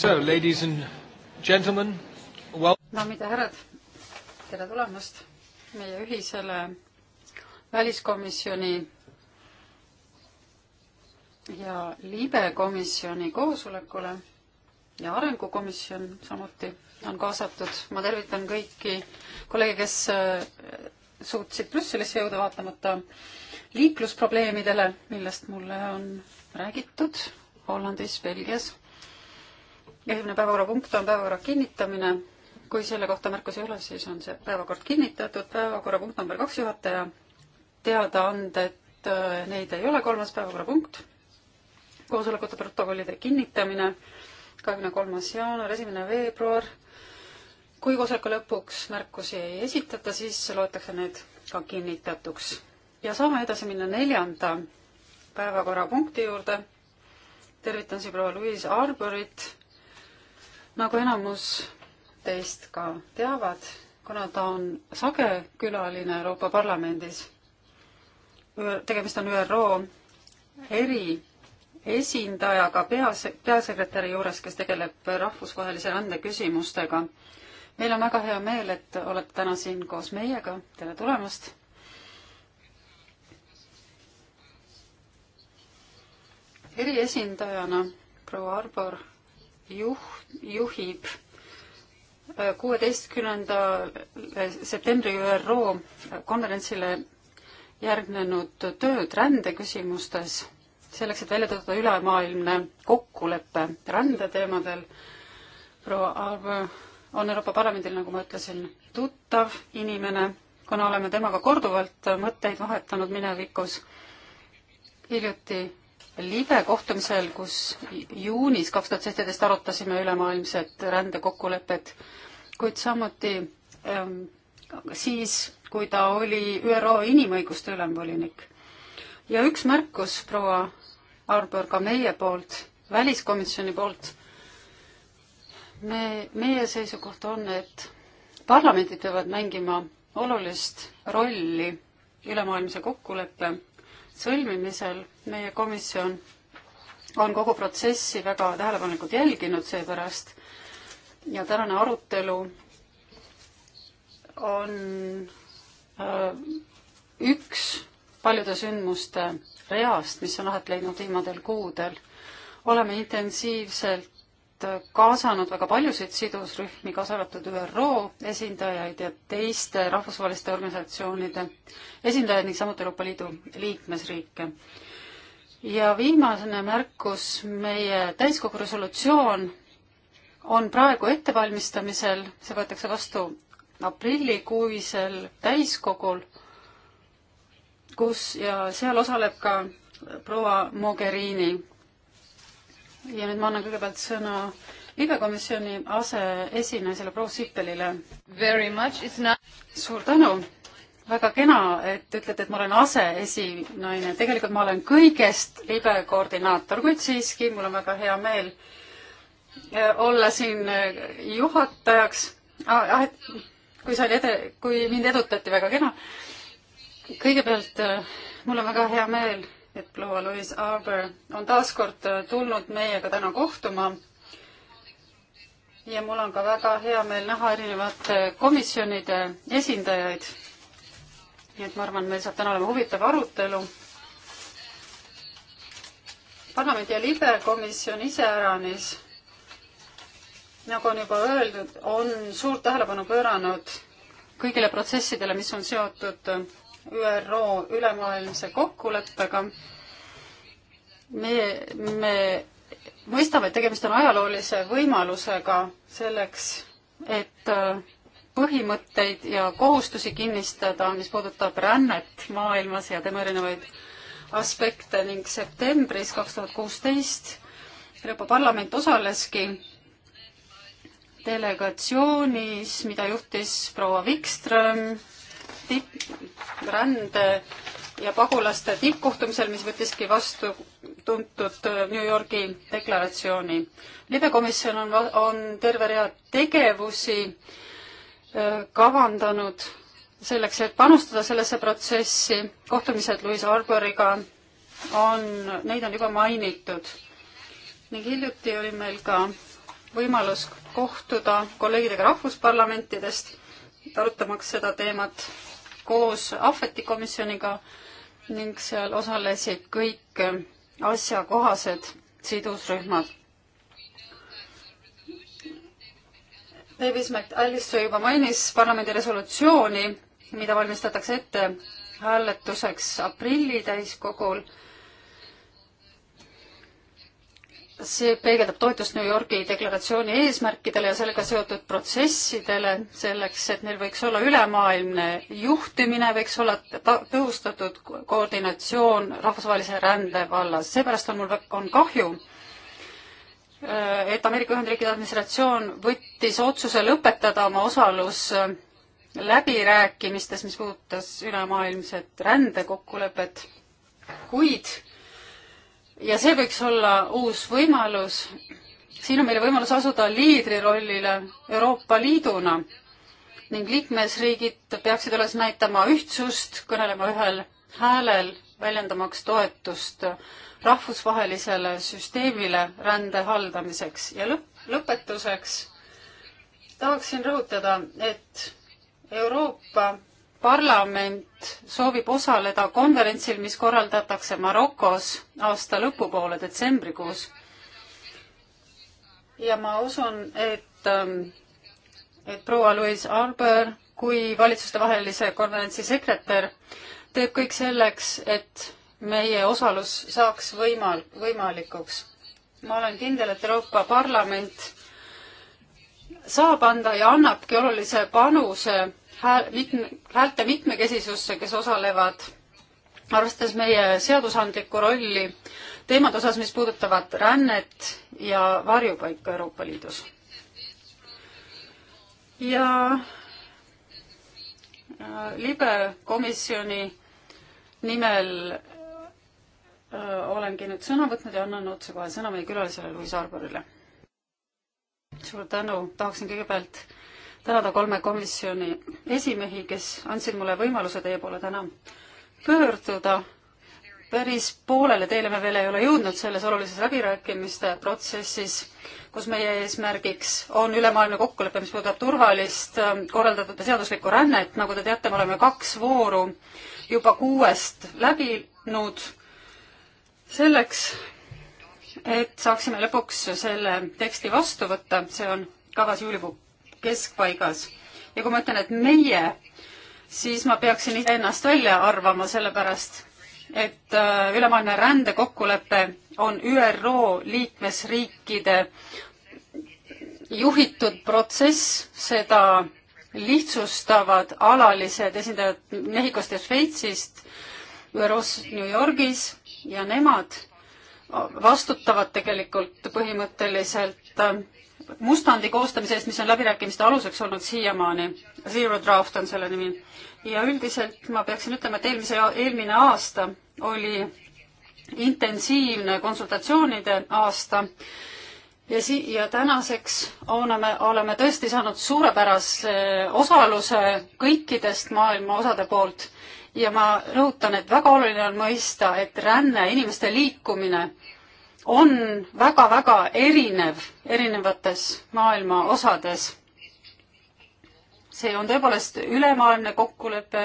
So, ladies and gentlemen, well... daamid ja härrad, tere tulemast meie ühisele väliskomisjoni ja libekomisjoni koosolekule ja arengukomisjon samuti on kaasatud. ma tervitan kõiki kolleege, kes äh, suutsid Brüsselisse jõuda, vaatamata liiklusprobleemidele, millest mulle on räägitud Hollandis, Belgias esimene päevakorrapunkt on päevakorra kinnitamine. kui selle kohta märkusi ei ole, siis on see päevakord kinnitatud. päevakorrapunkt number kaks, juhataja teadaanded, äh, neid ei ole. kolmas päevakorrapunkt, koosolekute protokollide kinnitamine, kahekümne kolmas jaanuar, esimene veebruar. kui koosoleku lõpuks märkusi ei esitata, siis loetakse need ka kinnitatuks. ja saame edasi minna neljanda päevakorrapunkti juurde tervitan siin proua Louise Arborit nagu enamus teist ka teavad, kuna ta on sage külaline Euroopa Parlamendis, tegemist on ÜRO eri esindajaga peas, peasekretäri juures, kes tegeleb rahvusvahelise rändeküsimustega. meil on väga hea meel, et olete täna siin koos meiega, tere tulemast! eriesindajana proua Arbor juht, juhib äh, kuueteistkümnenda äh, septembri ÜRO konverentsile järgnenud tööd rändeküsimustes, selleks, et välja töötada ülemaailmne kokkulepe rändeteemadel. proua Arve on Euroopa Parlamendil, nagu ma ütlesin, tuttav inimene, kuna oleme temaga korduvalt mõtteid vahetanud minevikus. hiljuti libe kohtumisel, kus juunis kaks tuhat seitseteist arutasime ülemaailmset rändekokkulepet, kuid samuti ähm, siis, kui ta oli ÜRO inimõiguste ülemvolinik. ja üks märkus proua Arbor ka meie poolt, väliskomisjoni poolt. me, meie seisukoht on, et parlamendid peavad mängima olulist rolli ülemaailmse kokkuleppe sõlmimisel. meie komisjon on kogu protsessi väga tähelepanelikult jälginud seepärast ja tänane arutelu on äh, üks paljude sündmuste reast, mis on aset leidnud viimadel kuudel. oleme intensiivselt kaasanud väga paljusid sidusrühmi, kaasa arvatud ÜRO esindajaid ja teiste rahvusvaheliste organisatsioonide esindajaid ning samuti Euroopa Liidu liikmesriike. ja viimane märkus, meie täiskogu resolutsioon on praegu ettevalmistamisel, see võetakse vastu aprillikuisel täiskogul, kus ja seal osaleb ka proua Mogherini ja nüüd ma annan kõigepealt sõna libekomisjoni aseesinaisele proua Sippelile. Not... suur tänu, väga kena, et ütlete, et ma olen aseesinaine, tegelikult ma olen kõigest libekoordinaator, kuid siiski mul on väga hea meel äh, olla siin äh, juhatajaks ah,. Ah, kui sai ede, kui mind edutati, väga kena. kõigepealt äh, mul on väga hea meel et proua Louise Arber on taas kord äh, tulnud meiega täna kohtuma. ja mul on ka väga hea meel näha erinevate komisjonide esindajaid. nii et ma arvan, meil saab täna olema huvitav arutelu. parlamendi ja libe komisjon iseäranis, nagu on juba öeldud, on suurt tähelepanu pööranud kõigile protsessidele, mis on seotud äh, ÜRO ülemaailmse kokkuleppega. me, me mõistame, et tegemist on ajaloolise võimalusega selleks, et äh, põhimõtteid ja kohustusi kinnistada, mis puudutab rännet maailmas ja tema erinevaid aspekte ning septembris kaks tuhat kuusteist Euroopa Parlament osaleski delegatsioonis, mida juhtis proua Wikström tipp, rände ja pagulaste tippkohtumisel, mis võttiski vastu tuntud äh, New Yorgi deklaratsiooni. libekomisjon on, on terve rea tegevusi äh, kavandanud selleks, et panustada sellesse protsessi. kohtumised Louis Arboriga on, neid on juba mainitud. ning hiljuti oli meil ka võimalus kohtuda kolleegidega rahvusparlamentidest, arutamaks seda teemat koos Ahveti komisjoniga ning seal osalesid kõik asjakohased sidusrühmad. Davis McAllister juba mainis parlamendi resolutsiooni, mida valmistatakse ette hääletuseks aprilli täiskogul see peegeldab toetust New Yorgi deklaratsiooni eesmärkidele ja sellega seotud protsessidele, selleks et neil võiks olla ülemaailmne juhtimine, võiks olla tõhustatud koordinatsioon rahvusvahelise rände vallas, seepärast on mul, on kahju, et Ameerika Ühendriikide administratsioon võttis otsuse lõpetada oma osalus äh, läbirääkimistes, mis puudutas ülemaailmset rändekokkulepet, kuid ja see võiks olla uus võimalus. siin on meile võimalus asuda liidrirollile Euroopa Liiduna ning liikmesriigid peaksid üles näitama ühtsust, kõnelema ühel häälel, väljendamaks toetust rahvusvahelisele süsteemile rände haldamiseks ja lõpp, lõpetuseks tahaksin rõhutada, et Euroopa parlament soovib osaleda konverentsil, mis korraldatakse Marokos aasta lõpupoole, detsembrikuus. ja ma usun, et, ähm, et proua Louise Arber kui valitsustevahelise konverentsi sekretär teeb kõik selleks, et meie osalus saaks võimal-, võimalikuks. ma olen kindel, et Euroopa Parlament saab anda ja annabki olulise panuse hääl, mitme, häälte mitmekesisusse, kes osalevad, arvestades meie seadusandlikku rolli teemade osas, mis puudutavad rännet ja varjupaika Euroopa Liidus. ja äh, libe komisjoni nimel öö, äh, olengi nüüd sõna võtnud ja annan otsekohe sõna meie külalisele Luis Arborile. suur tänu, tahaksin kõigepealt tänada kolme komisjoni esimehi, kes andsid mulle võimaluse teie poole täna pöörduda. päris poolele teele me veel ei ole jõudnud selles olulises läbirääkimiste protsessis, kus meie eesmärgiks on ülemaailmne kokkulepe, mis puudutab turvalist ähm, korraldatud ja seaduslikku rännet. nagu te teate, me oleme kaks vooru juba kuuest läbinud selleks, et saaksime lõpuks selle teksti vastu võtta, see on kavas juulikuus keskpaigas. ja kui ma ütlen, et meie, siis ma peaksin ennast välja arvama, sellepärast et äh, ülemaailmne rändekokkulepe on ÜRO liikmesriikide juhitud protsess, seda lihtsustavad alalised esindajad Mehhikost ja Šveitsist ÜRO-s New Yorgis ja nemad vastutavad tegelikult põhimõtteliselt äh, mustandi koostamise eest, mis on läbirääkimiste aluseks olnud siiamaani. Zero draft on selle nimi. ja üldiselt ma peaksin ütlema, et eelmise, eelmine aasta oli intensiivne konsultatsioonide aasta ja si-, ja tänaseks oleme, oleme tõesti saanud suurepärase osaluse kõikidest maailma osade poolt ja ma rõhutan, et väga oluline on mõista, et ränne, inimeste liikumine on väga-väga erinev erinevates maailma osades. see on tõepoolest ülemaailmne kokkulepe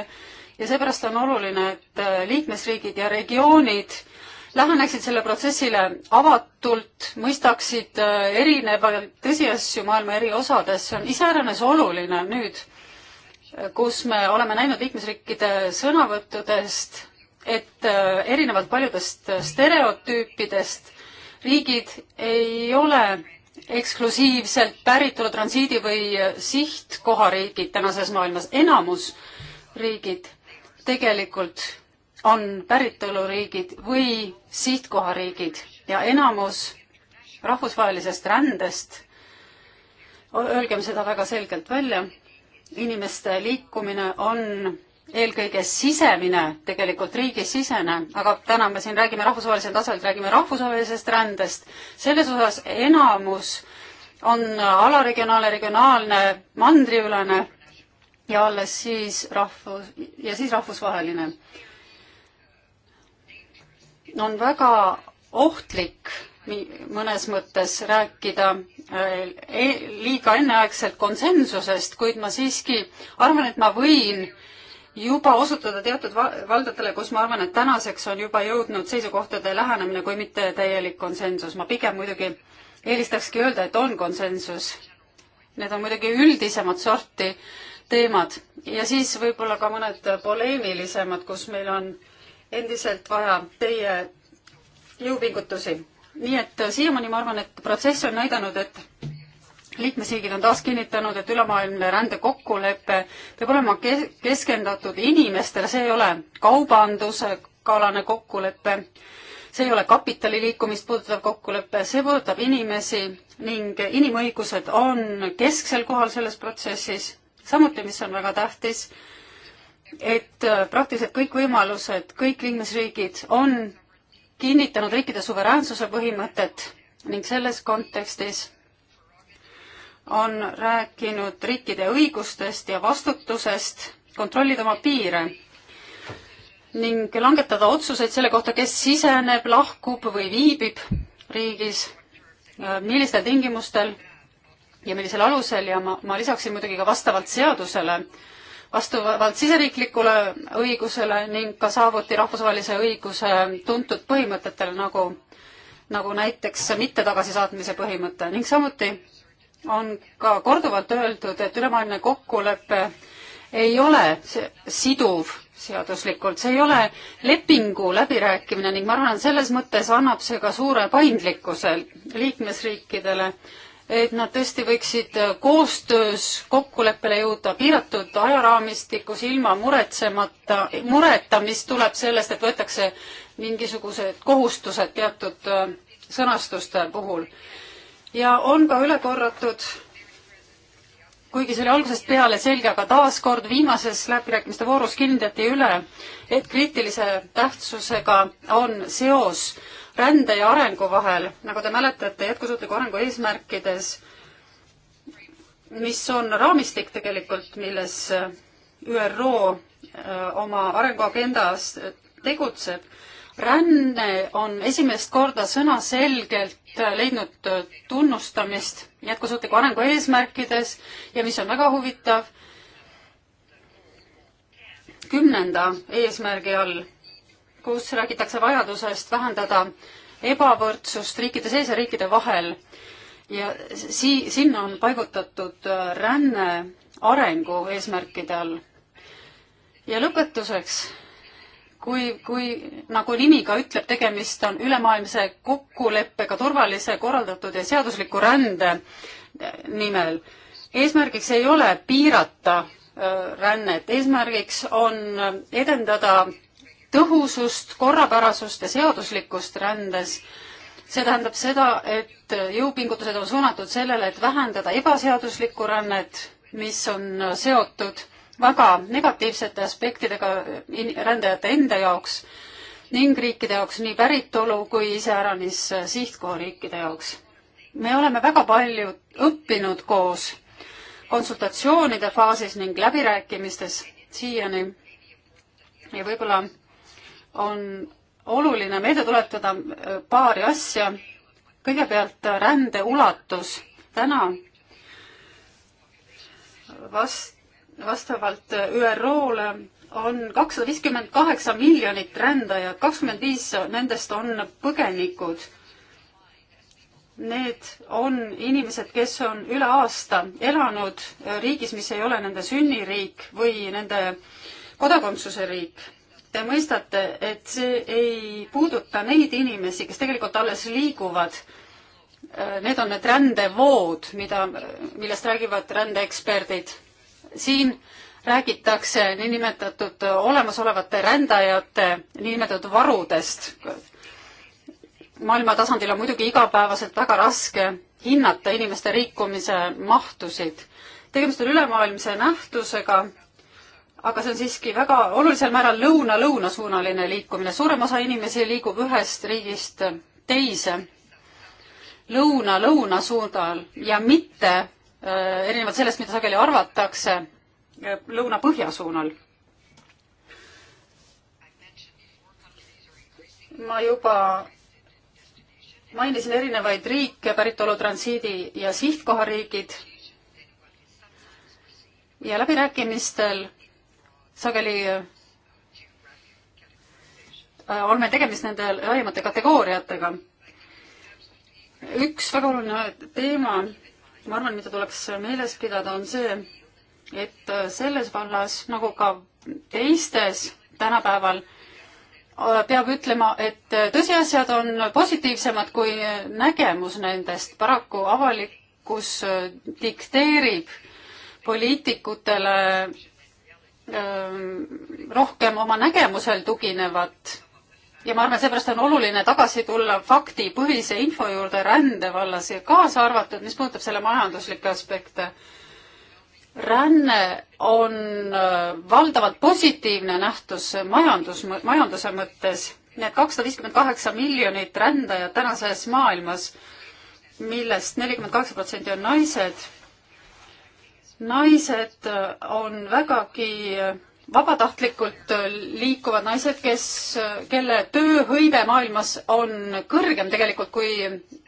ja seepärast on oluline, et äh, liikmesriigid ja regioonid läheneksid selle protsessile avatult, mõistaksid äh, erinevaid tõsiasju maailma eri osades, see on iseäranis oluline nüüd, äh, kus me oleme näinud liikmesriikide sõnavõttudest, et erinevalt paljudest stereotüüpidest riigid ei ole eksklusiivselt päritolu, transiidi või sihtkohariigid tänases maailmas, enamus riigid tegelikult on päritoluriigid või sihtkohariigid ja enamus rahvusvahelisest rändest, öelgem seda väga selgelt välja, inimeste liikumine on eelkõige sisemine, tegelikult riigisisene, aga täna me siin räägime rahvusvahelisel tasemel, räägime rahvusvahelisest rändest, selles osas enamus on alaregionaalne, regionaalne, mandriülene ja alles siis rahvus, ja siis rahvusvaheline. on väga ohtlik mõnes mõttes rääkida eh, e-, liiga enneaegselt konsensusest, kuid ma siiski arvan, et ma võin äh, juba osutada teatud valdadele, kus ma arvan, et tänaseks on juba jõudnud seisukohtade lähenemine, kui mitte täielik konsensus. ma pigem muidugi eelistakski öelda, et on konsensus. Need on muidugi üldisemat sorti teemad ja siis võib-olla ka mõned poleemilisemad, kus meil on endiselt vaja teie jõupingutusi. nii et siiamaani ma arvan, et protsess on näidanud, et liikmesriigid on taas kinnitanud, et ülemaailmne rändekokkulepe peab olema keskendatud inimestele, see ei ole kaubandusealane kokkulepe, see ei ole kapitali liikumist puudutav kokkulepe, see puudutab inimesi ning inimõigused on kesksel kohal selles protsessis. samuti, mis on väga tähtis, et äh, praktiliselt kõik võimalused, kõik liikmesriigid on kinnitanud riikide suveräänsuse põhimõtet ning selles kontekstis on rääkinud riikide õigustest ja vastutusest kontrollida oma piire ning langetada otsuseid selle kohta, kes siseneb, lahkub või viibib riigis, äh, millistel tingimustel ja millisel alusel ja ma, ma lisaksin muidugi ka vastavalt seadusele, vastavalt siseriiklikule õigusele ning ka saavuti rahvusvahelise õiguse tuntud põhimõtetele, nagu, nagu näiteks mitte tagasisaatmise põhimõte ning samuti on ka korduvalt öeldud, et ülemaailmne kokkulepe ei ole siduv seaduslikult, see ei ole lepingu läbirääkimine ning ma arvan, selles mõttes annab see ka suure paindlikkuse liikmesriikidele, et nad tõesti võiksid koostöös kokkuleppele jõuda piiratud ajaraamistikus ilma muretsemata, mureta, mis tuleb sellest, et võetakse mingisugused kohustused teatud äh, sõnastuste puhul ja on ka üle korratud, kuigi see oli algusest peale selge, aga taaskord viimases läbirääkimiste voorus kindlati üle, et kriitilise tähtsusega on seos rände ja arengu vahel, nagu te mäletate, jätkusuutliku arengu eesmärkides, mis on raamistik tegelikult, milles ÜRO äh, oma arenguagendas tegutseb ränne on esimest korda sõnaselgelt leidnud tunnustamist jätkusuutliku arengu eesmärkides ja mis on väga huvitav, kümnenda eesmärgi all, kus räägitakse vajadusest vähendada ebavõrdsust riikide sees ja riikide vahel ja sii-, sinna on paigutatud äh, ränne arengu eesmärkide all. ja lõpetuseks kui, kui nagu nimi ka ütleb, tegemist on ülemaailmse kokkuleppega turvalise, korraldatud ja seadusliku rände nimel. eesmärgiks ei ole piirata rännet, eesmärgiks on edendada tõhusust, korrapärasust ja seaduslikkust rändes. see tähendab seda, et jõupingutused on suunatud sellele, et vähendada ebaseaduslikku rännet, mis on seotud väga negatiivsete aspektidega rändajate enda jaoks ning riikide jaoks, nii päritolu kui iseäranis äh, sihtkohariikide jaoks. me oleme väga palju õppinud koos konsultatsioonide faasis ning läbirääkimistes siiani ja võib-olla on oluline meelde tuletada äh, paari asja. kõigepealt äh, rände ulatus. täna vast vastavalt äh, ÜRO-le on kakssada viiskümmend kaheksa miljonit rändajat, kakskümmend viis nendest on põgenikud. Need on inimesed, kes on üle aasta elanud äh, riigis, mis ei ole nende sünniriik või nende kodakondsuse riik. Te mõistate, et see ei puuduta neid inimesi, kes tegelikult alles liiguvad äh, need on need rändevood, mida, millest räägivad rändeeksperdid siin räägitakse niinimetatud olemasolevate rändajate niinimetatud varudest. maailma tasandil on muidugi igapäevaselt väga raske hinnata inimeste rikkumise mahtusid. tegemist on ülemaailmse nähtusega, aga see on siiski väga olulisel määral lõuna-lõuna suunaline liikumine. suurem osa inimesi liigub ühest riigist teise lõuna-lõuna suunal ja mitte Äh, erinevalt sellest, mida sageli arvatakse äh, lõuna-põhja suunal. ma juba mainisin erinevaid riike, päritolu, transiidi ja sihtkohariigid. ja läbirääkimistel sageli äh, on meil tegemist nende laiemate kategooriatega. üks väga oluline teema ma arvan, mida tuleks meeles pidada, on see, et selles vallas nagu ka teistes tänapäeval peab ütlema, et tõsiasjad on positiivsemad kui nägemus nendest. paraku avalikkus dikteerib poliitikutele ähm, rohkem oma nägemusel tuginevat ja ma arvan, seepärast on oluline tagasi tulla faktipõhise info juurde rände vallas ja kaasa arvatud, mis puudutab selle majanduslikke aspekte. ränne on äh, valdavalt positiivne nähtus majandus, majanduse mõttes. Need kakssada viiskümmend kaheksa miljonit rändajat tänases maailmas, millest nelikümmend kaheksa protsenti on naised, naised äh, on vägagi äh, vabatahtlikult äh, liikuvad naised, kes, äh, kelle tööhõive maailmas on kõrgem tegelikult kui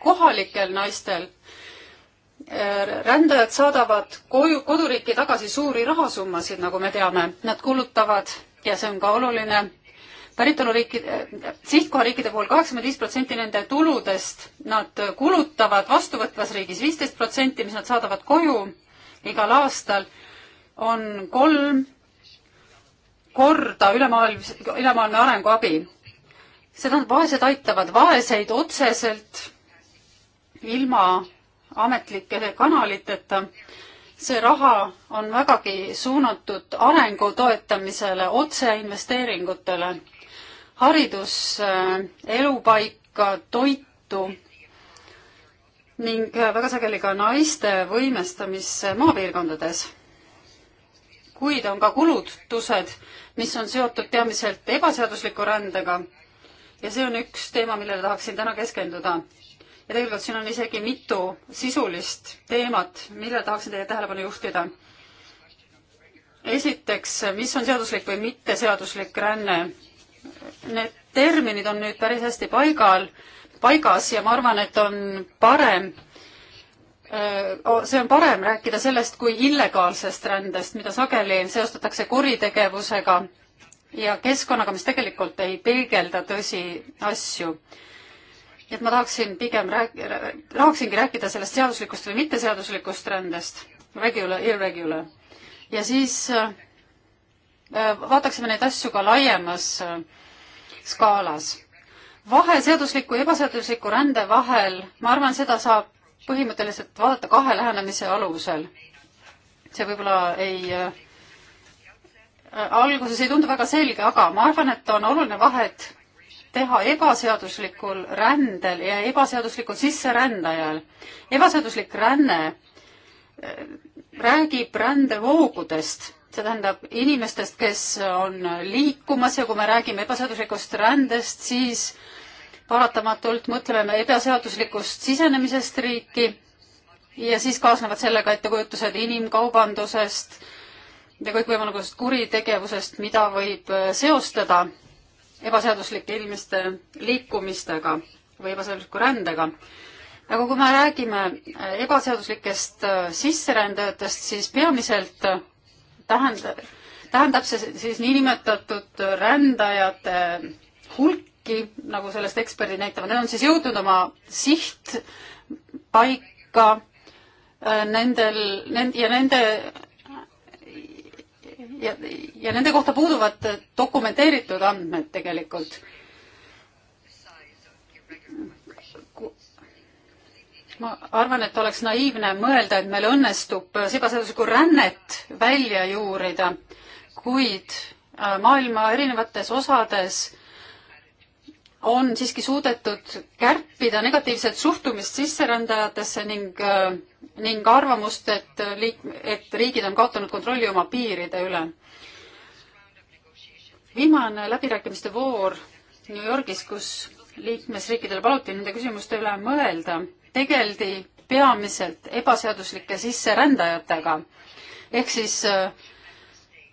kohalikel naistel. Äh, rändajad saadavad koju, koduriiki tagasi suuri rahasummasid, nagu me teame, nad kulutavad ja see on ka oluline, päritoluriikide, sihtkohariikide puhul kaheksakümmend viis protsenti nende tuludest nad kulutavad vastuvõtvas riigis, viisteist protsenti, mis nad saadavad koju igal aastal, on kolm korda ülemaailmse, ülemaailmne arenguabi. see tähendab, vaesed aitavad vaeseid otseselt ilma ametlike kanaliteta. see raha on vägagi suunatud arengu toetamisele, otseinvesteeringutele, haridus, äh, elupaika, toitu ning väga sageli ka naiste võimestamisse maapiirkondades kuid on ka kulutused, mis on seotud peamiselt ebaseadusliku rändega. ja see on üks teema, millele tahaksin täna keskenduda. ja tegelikult siin on isegi mitu sisulist teemat, millele tahaksin teie tähelepanu juhtida. esiteks, mis on seaduslik või mitteseaduslik ränne? Need terminid on nüüd päris hästi paigal, paigas ja ma arvan, et on parem see on parem rääkida sellest kui illegaalsest rändest, mida sageli seostatakse kuritegevusega ja keskkonnaga, mis tegelikult ei peegelda tõsiasju. nii et ma tahaksin pigem rääk-, tahaksingi rääkida sellest seaduslikust või mitteseaduslikust rändest, regular, irregular. ja siis vaataksime neid asju ka laiemas skaalas vahe seadusliku ja ebaseadusliku rände vahel, ma arvan, seda saab põhimõtteliselt vaadata kahe lähenemise alusel. see võib-olla ei äh,, alguses ei tundu väga selge, aga ma arvan, et on oluline vahet teha ebaseaduslikul rändel ja ebaseaduslikul sisserändajal. ebaseaduslik ränne äh, räägib rändevoogudest, see tähendab inimestest, kes on liikumas ja kui me räägime ebaseaduslikust rändest, siis äh, paratamatult mõtleme me ebaseaduslikust sisenemisest riiki ja siis kaasnevad sellega ettekujutused inimkaubandusest ja kõikvõimalikust kuritegevusest, mida võib äh, seostada ebaseaduslike inimeste liikumistega või ebaseadusliku rändega. aga kui me räägime äh, ebaseaduslikest äh, sisserändajatest, siis peamiselt tähendab, tähendab see siis niinimetatud rändajate hulka, äkki, nagu sellest eksperdid näitavad, need on siis jõudnud oma sihtpaika äh, nendel, nend- ja nende ja, ja nende kohta puuduvad dokumenteeritud andmed tegelikult. ma arvan, et oleks naiivne mõelda, et meil õnnestub segaseaduslikku rännet välja juurida, kuid äh, maailma erinevates osades on siiski suudetud kärpida negatiivset suhtumist sisserändajatesse ning, äh, ning arvamust, et liik-, et riigid on kaotanud kontrolli oma piiride üle. viimane läbirääkimiste voor New Yorgis, kus liikmesriikidele paluti nende küsimuste üle mõelda, tegeldi peamiselt ebaseaduslike sisserändajatega. ehk siis äh,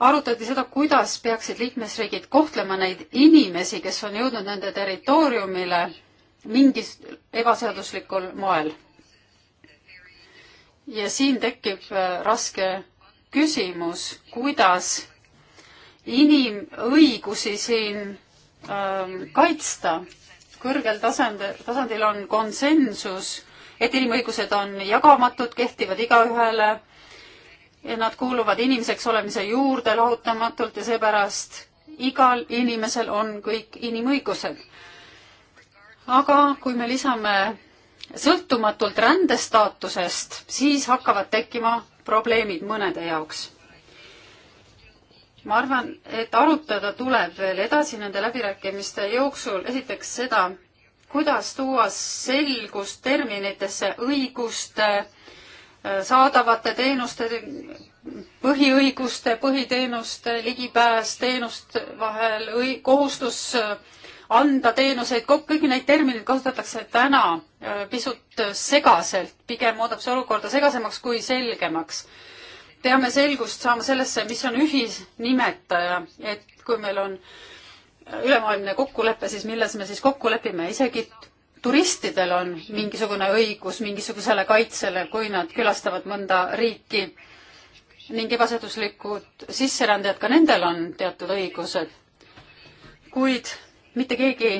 arutati seda, kuidas peaksid liikmesriigid kohtlema neid inimesi, kes on jõudnud nende territooriumile mingis ebaseaduslikul moel. ja siin tekib äh, raske küsimus, kuidas inimõigusi siin ähm, kaitsta. kõrgel tasandil, tasandil on konsensus, et inimõigused on jagamatud, kehtivad igaühele Nad kuuluvad inimeseks olemise juurde lahutamatult ja seepärast igal inimesel on kõik inimõigused. aga kui me lisame sõltumatult rändestaatusest, siis hakkavad tekkima probleemid mõnede jaoks. ma arvan, et arutada tuleb veel edasi nende läbirääkimiste jooksul esiteks seda, kuidas tuua selgust terminitesse õiguste äh, saadavate teenuste, põhiõiguste, põhiteenuste ligipääs, teenust vahel, kohustus äh, anda teenuseid, kõiki neid termineid kasutatakse täna äh, pisut segaselt, pigem muudab see olukorda segasemaks kui selgemaks. peame selgust saama sellesse, mis on ühisnimetaja, et kui meil on ülemaailmne kokkulepe, siis milles me siis kokku lepime, isegi turistidel on mingisugune õigus mingisugusele kaitsele, kui nad külastavad mõnda riiki ning ebaseaduslikud sisserändajad, ka nendel on teatud õigused. kuid mitte keegi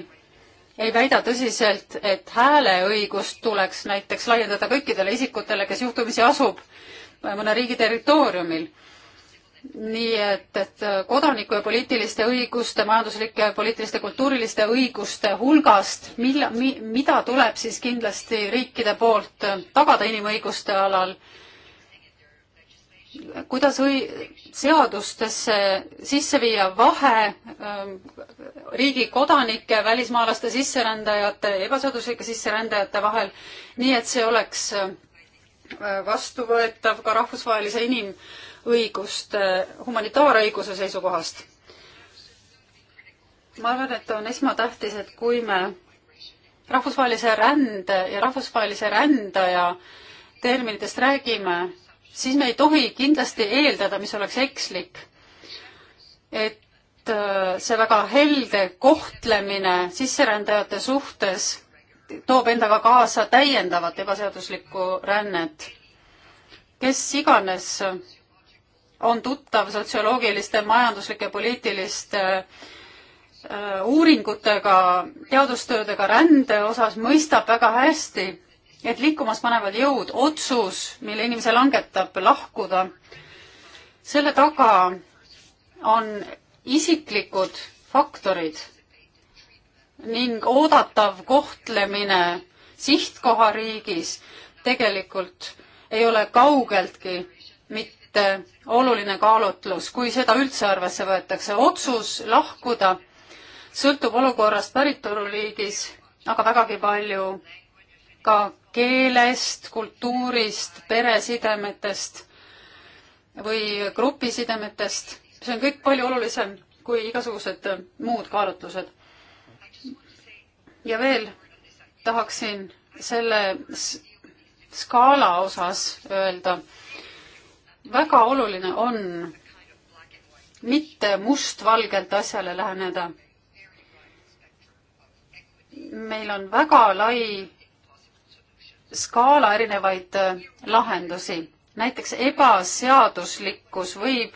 ei väida tõsiselt, et hääleõigust tuleks näiteks laiendada kõikidele isikutele, kes juhtumisi asub mõne riigi territooriumil nii et, et kodaniku ja poliitiliste õiguste, majanduslike, poliitiliste, kultuuriliste õiguste hulgast, mille mi,, mida tuleb siis kindlasti riikide poolt tagada inimõiguste alal, kuidas õi-, seadustesse sisse viia vahe ähm, riigi kodanike, välismaalaste sisserändajate, ebaseaduslike sisserändajate vahel, nii et see oleks äh, vastuvõetav ka rahvusvahelise inim- äh, õigust äh, humanitaarõiguse seisukohast. ma arvan, et on esmatähtis, et kui me rahvusvahelise rände ja rahvusvahelise rändaja terminitest räägime, siis me ei tohi kindlasti eeldada, mis oleks ekslik. et äh, see väga helde kohtlemine sisserändajate suhtes toob endaga kaasa täiendavat ebaseaduslikku rännet. kes iganes on tuttav sotsioloogiliste, majanduslike, poliitiliste äh, uuringutega, teadustöödega rände osas, mõistab väga hästi, et liikumas panevad jõud, otsus, mille inimese langetab lahkuda, selle taga on isiklikud faktorid ning oodatav kohtlemine sihtkohariigis tegelikult ei ole kaugeltki mitte mitte äh, oluline kaalutlus, kui seda üldse arvesse võetakse. otsus lahkuda sõltub olukorrast päritoluriigis, aga vägagi palju ka keelest, kultuurist, peresidemetest või grupisidemetest. see on kõik palju olulisem kui igasugused äh, muud kaalutlused. ja veel tahaksin selle skaala osas öelda väga oluline on mitte mustvalgelt asjale läheneda. meil on väga lai skaala erinevaid äh, lahendusi, näiteks ebaseaduslikkus võib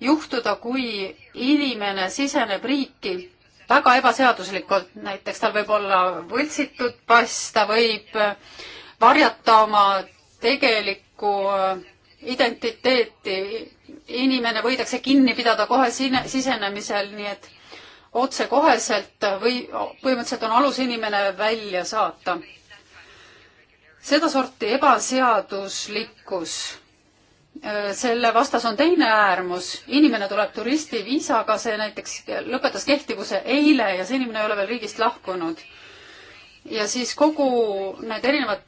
juhtuda, kui inimene siseneb riiki väga ebaseaduslikult, näiteks tal võib olla võltsitud pass, ta võib äh, varjata oma tegelikku äh, identiteeti. inimene võidakse kinni pidada kohe sine, sisenemisel, nii et otsekoheselt või põhimõtteliselt on alus inimene välja saata. sedasorti ebaseaduslikkus, selle vastas on teine äärmus, inimene tuleb turistiviisaga, see näiteks lõpetas kehtivuse eile ja see inimene ei ole veel riigist lahkunud. ja siis kogu need erinevad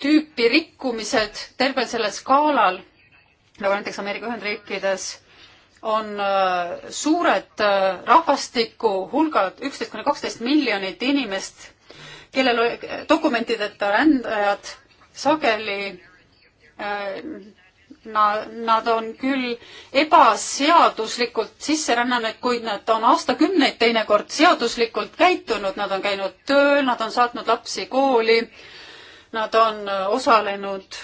tüüpi rikkumised tervel sellel skaalal nagu näiteks Ameerika Ühendriikides on äh, suured äh, rahvastiku hulgad, üksteist kuni kaksteist miljonit inimest, kellel äh, dokumentideta rändajad sageli Nad, nad on küll ebaseaduslikult sisse rännanud, kuid nad on aastakümneid teinekord seaduslikult käitunud, nad on käinud tööl, nad on saatnud lapsi kooli, nad on osalenud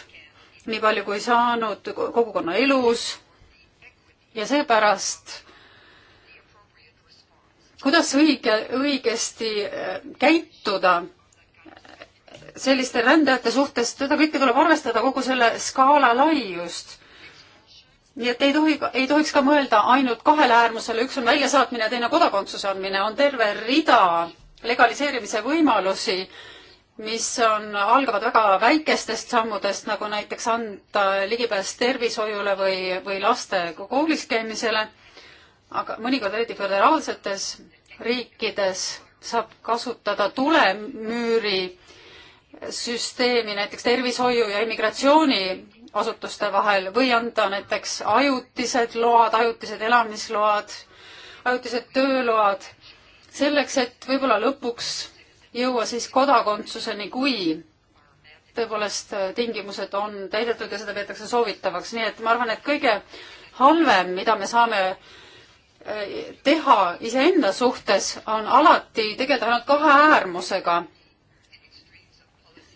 nii palju kui saanud kogukonna elus ja seepärast kuidas õige, õigesti äh, käituda äh, selliste rändajate suhtes, seda kõike tuleb arvestada, kogu selle skaala laiust. nii et ei tohi, ei tohiks ka mõelda ainult kahele äärmusele, üks on väljasaatmine ja teine kodakondsuse andmine, on terve rida legaliseerimise võimalusi mis on, algavad väga väikestest sammudest, nagu näiteks anda ligipääs tervishoiule või, või laste koolis käimisele. aga mõnikord, eriti föderaalsetes riikides, saab kasutada tulemüüri süsteemi näiteks tervishoiu ja immigratsiooniasutuste vahel või anda näiteks ajutised load, ajutised elamisload, ajutised tööload, selleks et võib-olla lõpuks jõua siis kodakondsuseni, kui tõepoolest äh, tingimused on täidetud ja seda peetakse soovitavaks, nii et ma arvan, et kõige halvem, mida me saame äh, teha iseenda suhtes, on alati tegeleda ainult kahe äärmusega.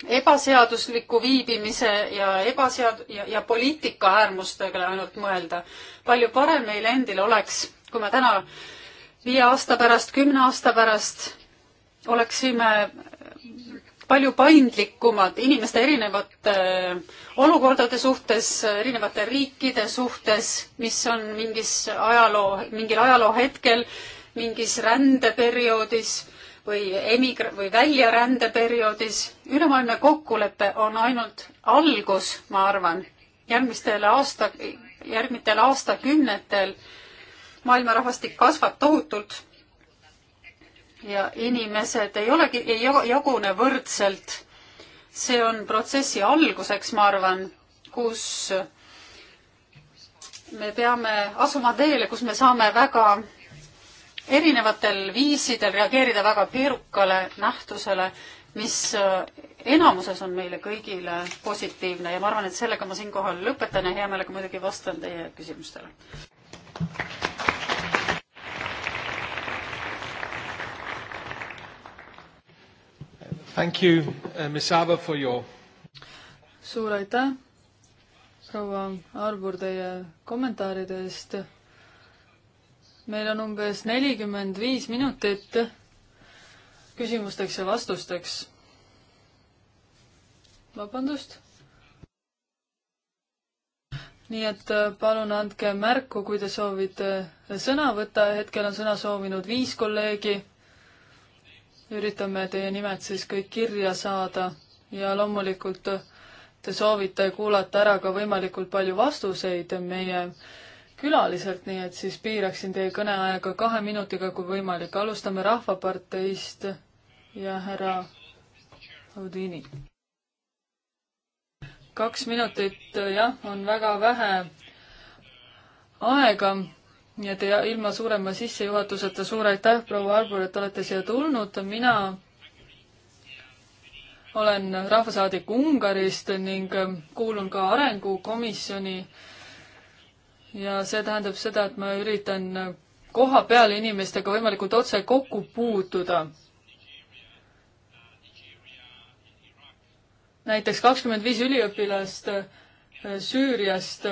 ebaseadusliku viibimise ja ebasead- ja, ja poliitika äärmustega ainult mõelda. palju parem meil endil oleks, kui me täna viie aasta pärast, kümne aasta pärast oleksime palju paindlikumad inimeste erinevate äh, olukordade suhtes, erinevate riikide suhtes, mis on mingis ajaloo, mingil ajaloohetkel, mingis rändeperioodis või emigra- või väljarändeperioodis. ülemaailmne kokkulepe on ainult algus, ma arvan, järgmistel aasta, järgmitel aastakümnetel maailma rahvastik kasvab tohutult ja inimesed ei olegi, ei jagune võrdselt. see on protsessi alguseks, ma arvan, kus me peame asuma teele, kus me saame väga erinevatel viisidel reageerida väga keerukale nähtusele, mis äh, enamuses on meile kõigile positiivne ja ma arvan, et sellega ma siinkohal lõpetan ja hea meelega muidugi vastan teie küsimustele. Thank you, uh, Miss Arbo, for your. suur aitäh, proua Arbur, teie kommentaaride eest. meil on umbes nelikümmend viis minutit küsimusteks ja vastusteks. vabandust nii et äh, palun andke märku, kui te soovite sõna võtta, hetkel on sõna soovinud viis kolleegi üritame teie nimed siis kõik kirja saada ja loomulikult te soovite kuulata ära ka võimalikult palju vastuseid meie külaliselt, nii et siis piiraksin teie kõneaega kahe minutiga, kui võimalik. alustame Rahvaparteist ja härra Houdini. kaks minutit, jah, on väga vähe aega nii et ilma suurema sissejuhatuseta suur aitäh, proua Arbor, et olete siia tulnud, mina olen rahvasaadik Ungarist ning kuulun ka arengukomisjoni ja see tähendab seda, et ma üritan koha peal inimestega võimalikult otse kokku puutuda. näiteks kakskümmend viis üliõpilast Süüriast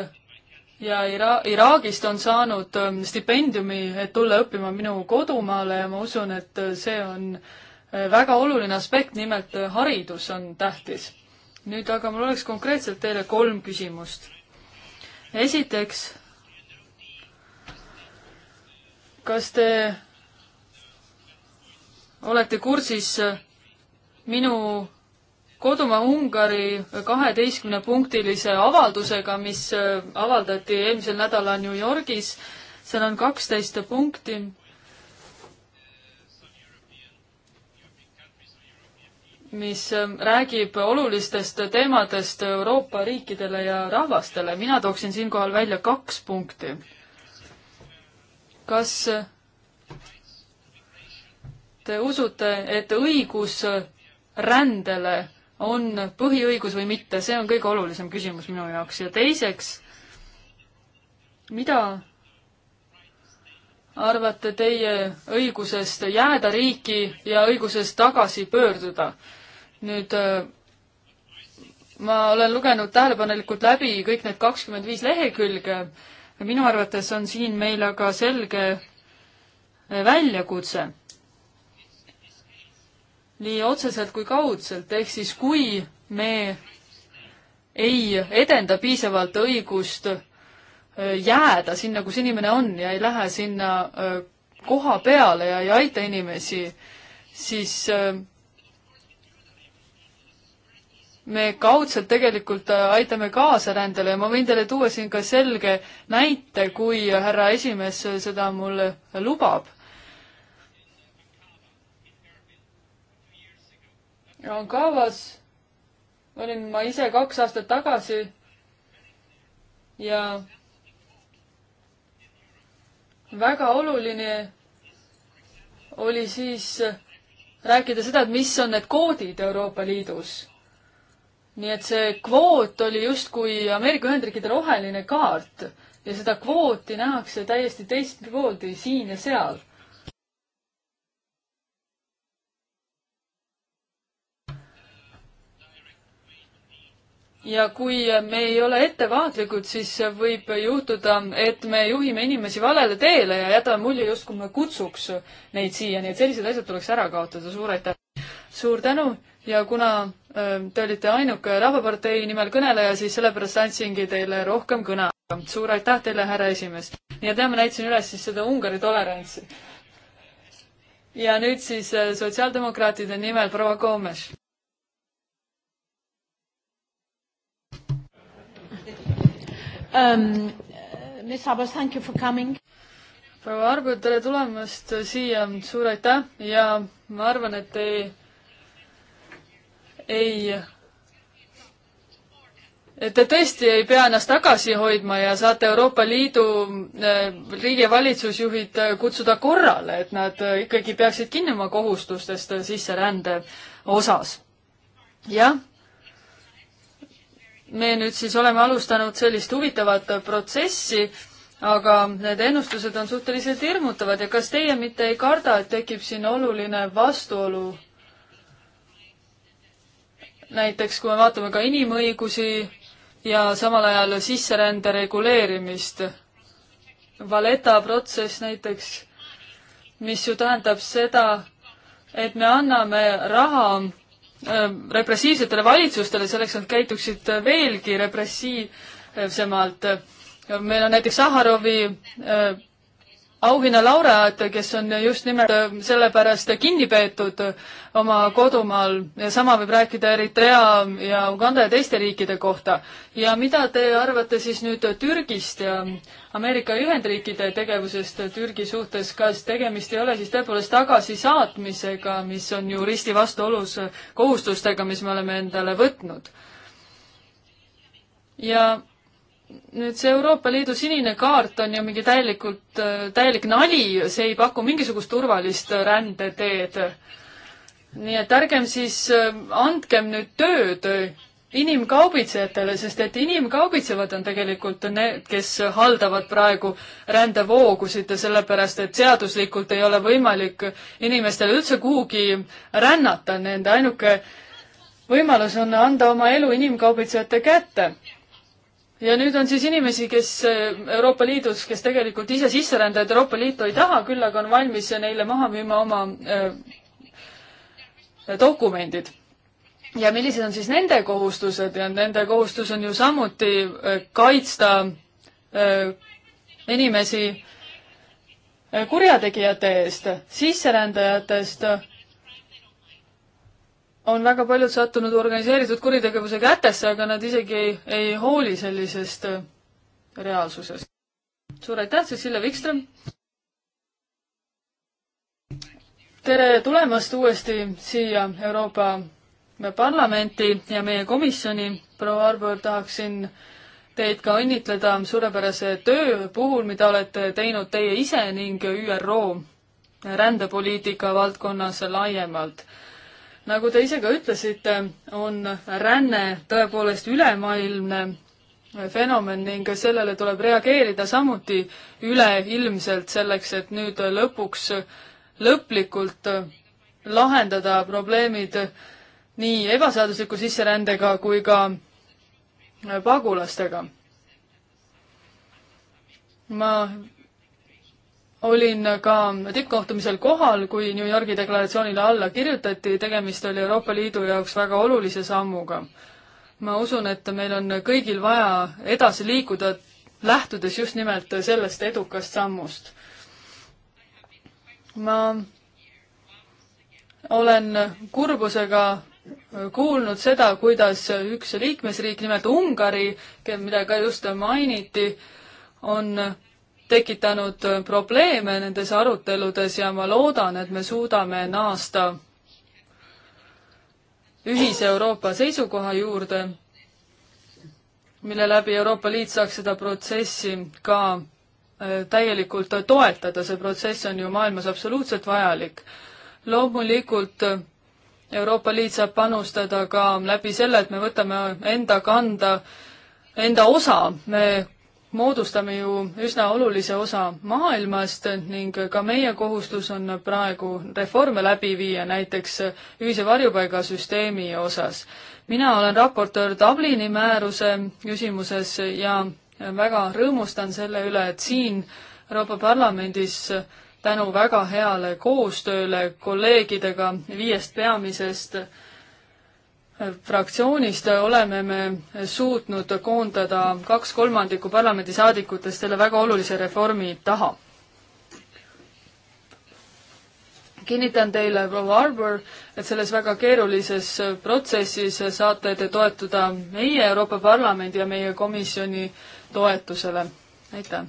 ja Ira-, Iraagist on saanud ähm, stipendiumi, et tulla õppima minu kodumaale ja ma usun, et äh, see on äh, väga oluline aspekt, nimelt äh, haridus on tähtis. nüüd aga mul oleks konkreetselt teile kolm küsimust. esiteks, kas te olete kursis minu kodumaa Ungari kaheteistkümnepunktilise avaldusega, mis äh, avaldati eelmisel nädalal New Yorgis. seal on kaksteist punkti mis ähm, räägib olulistest teemadest Euroopa riikidele ja rahvastele. mina tooksin siinkohal välja kaks punkti. kas äh, te usute, et õigus rändele on põhiõigus või mitte, see on kõige olulisem küsimus minu jaoks ja teiseks, mida arvate teie õigusest jääda riiki ja õigusest tagasi pöörduda? nüüd äh, ma olen lugenud tähelepanelikult läbi kõik need kakskümmend viis lehekülge ja minu arvates on siin meil aga selge väljakutse nii otseselt kui kaudselt, ehk siis kui me ei edenda piisavalt õigust äh, jääda sinna, kus inimene on ja ei lähe sinna äh, koha peale ja ei aita inimesi, siis äh, me kaudselt tegelikult aitame kaasa rändele ja ma võin teile tuua siin ka selge näite, kui härra esimees seda mulle lubab on kavas. olin ma ise kaks aastat tagasi ja väga oluline oli siis rääkida seda, et mis on need koodid Euroopa Liidus. nii et see kvoot oli justkui Ameerika Ühendriikide roheline kaart ja seda kvooti nähakse täiesti teistmoodi siin ja seal ja kui me ei ole ettevaatlikud, siis võib juhtuda, et me juhime inimesi valele teele ja jätame mulje, justkui me kutsuks neid siia, nii et sellised asjad tuleks ära kaotada, suur aitäh! suur tänu ja kuna te olite ainuke Rahvapartei nimel kõneleja, siis sellepärast andsingi teile rohkem kõne. suur aitäh teile, härra esimees! ja täna ma näitasin üles siis seda Ungari tolerantsi. ja nüüd siis sotsiaaldemokraatide nimel proua Koomes. um,. Miss Abbas, thank you for coming. proua Argo, tere tulemast siia, suur aitäh ja ma arvan, et te ei, ei et te tõesti ei pea ennast tagasi hoidma ja saate Euroopa Liidu eh, riigi valitsusjuhid eh, kutsuda korrale, et nad eh, ikkagi peaksid kinni oma kohustustest sisserände osas. jah, me nüüd siis oleme alustanud sellist huvitavat protsessi, aga need ennustused on suhteliselt hirmutavad ja kas teie mitte ei karda, et tekib siin oluline vastuolu? näiteks kui me vaatame ka inimõigusi ja samal ajal sisserände reguleerimist. Valeta protsess näiteks, mis ju tähendab seda, et me anname raha Äh, repressiivsetele valitsustele selleks, et nad käituksid veelgi repressiivsemalt. meil on näiteks Saharovi äh, auhinnalaureaat, kes on just nimelt äh, sellepärast kinni peetud äh, oma kodumaal ja sama võib rääkida Eritrea ja Uganda ja teiste riikide kohta. ja mida te arvate siis nüüd Türgist ja Ameerika Ühendriikide tegevusest Türgi suhtes, kas tegemist ei ole siis tõepoolest tagasisaatmisega, mis on ju risti vastuolus kohustustega, mis me oleme endale võtnud? ja nüüd see Euroopa Liidu sinine kaart on ju mingi täielikult, täielik nali, see ei paku mingisugust turvalist rändeteed. nii et ärgem siis äh, andkem nüüd tööd inimkaubitsejatele, sest et inimkaubitsevad on tegelikult need, kes haldavad praegu rändevoogusid ja sellepärast, et seaduslikult ei ole võimalik inimestel üldse kuhugi rännata, nende ainuke võimalus on anda oma elu inimkaubitsejate kätte ja nüüd on siis inimesi, kes eh, Euroopa Liidus, kes tegelikult ise sisserändajad Euroopa Liitu ei taha, küll aga on valmis neile maha müüma oma äh, dokumendid. ja millised on siis nende kohustused ja nende kohustus on ju samuti äh, kaitsta äh, inimesi kurjategijate eest, sisserändajatest on väga paljud sattunud organiseeritud kuritegevuse kätesse, aga nad isegi ei, ei hooli sellisest äh, reaalsusest. suur aitäh, Cecilia Wikström! tere tulemast uuesti siia Euroopa Parlamenti ja meie komisjoni. proua Arbor, tahaksin teid ka õnnitleda suurepärase töö puhul, mida olete teinud teie ise ning ÜRO rändepoliitika valdkonnas laiemalt nagu te ise ka ütlesite, on ränne tõepoolest ülemaailmne fenomen ning sellele tuleb reageerida samuti üleilmselt, selleks et nüüd lõpuks lõplikult lahendada probleemid nii ebaseadusliku sisserändega kui ka pagulastega. ma olin ka tippkohtumisel kohal, kui New Yorgi deklaratsioonile alla kirjutati, tegemist oli Euroopa Liidu jaoks väga olulise sammuga. ma usun, et meil on kõigil vaja edasi liikuda, lähtudes just nimelt sellest edukast sammust. ma olen kurbusega kuulnud seda, kuidas üks liikmesriik, nimelt Ungari, mida ka just mainiti, on tekitanud äh, probleeme nendes aruteludes ja ma loodan, et me suudame naasta ühise Euroopa seisukoha juurde, mille läbi Euroopa Liit saaks seda protsessi ka äh, täielikult toetada, see protsess on ju maailmas absoluutselt vajalik. loomulikult äh, Euroopa Liit saab panustada ka läbi selle, et me võtame enda kanda, enda osa, me moodustame ju üsna olulise osa maailmast ning ka meie kohustus on praegu reforme läbi viia, näiteks ühise varjupaigasüsteemi osas. mina olen raportöör Dublini määruse küsimuses ja väga rõõmustan selle üle, et siin Euroopa Parlamendis tänu väga heale koostööle kolleegidega viiest peamisest äh, fraktsioonist oleme me suutnud koondada kaks kolmandikku parlamendisaadikutest selle väga olulise reformi taha. kinnitan teile, proua Arbor, et selles väga keerulises protsessis saate te toetuda meie Euroopa Parlamendi ja meie komisjoni toetusele. aitäh!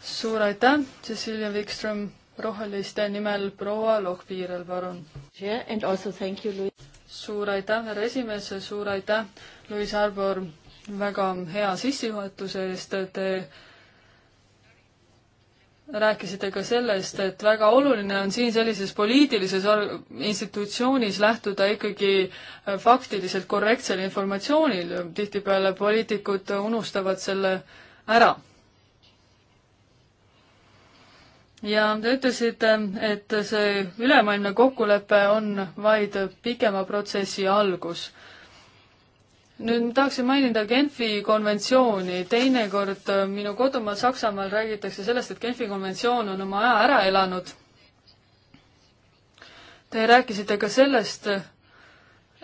suur aitäh, Cecilia Wikström! roheliste nimel proua Lohviirel, palun. suur aitäh, härra esimees, suur aitäh, Luis Arbor, väga hea sissejuhatuse eest, te rääkisite ka sellest, et väga oluline on siin sellises poliitilises institutsioonis lähtuda ikkagi äh, faktiliselt korrektsel informatsioonil. tihtipeale poliitikud unustavad selle ära ja te ütlesite, et see ülemaailmne kokkulepe on vaid pikema protsessi algus. nüüd ma tahaksin mainida Genfi konventsiooni, teinekord minu kodumaal Saksamaal räägitakse sellest, et Genfi konventsioon on oma aja ära elanud. Te rääkisite ka sellest,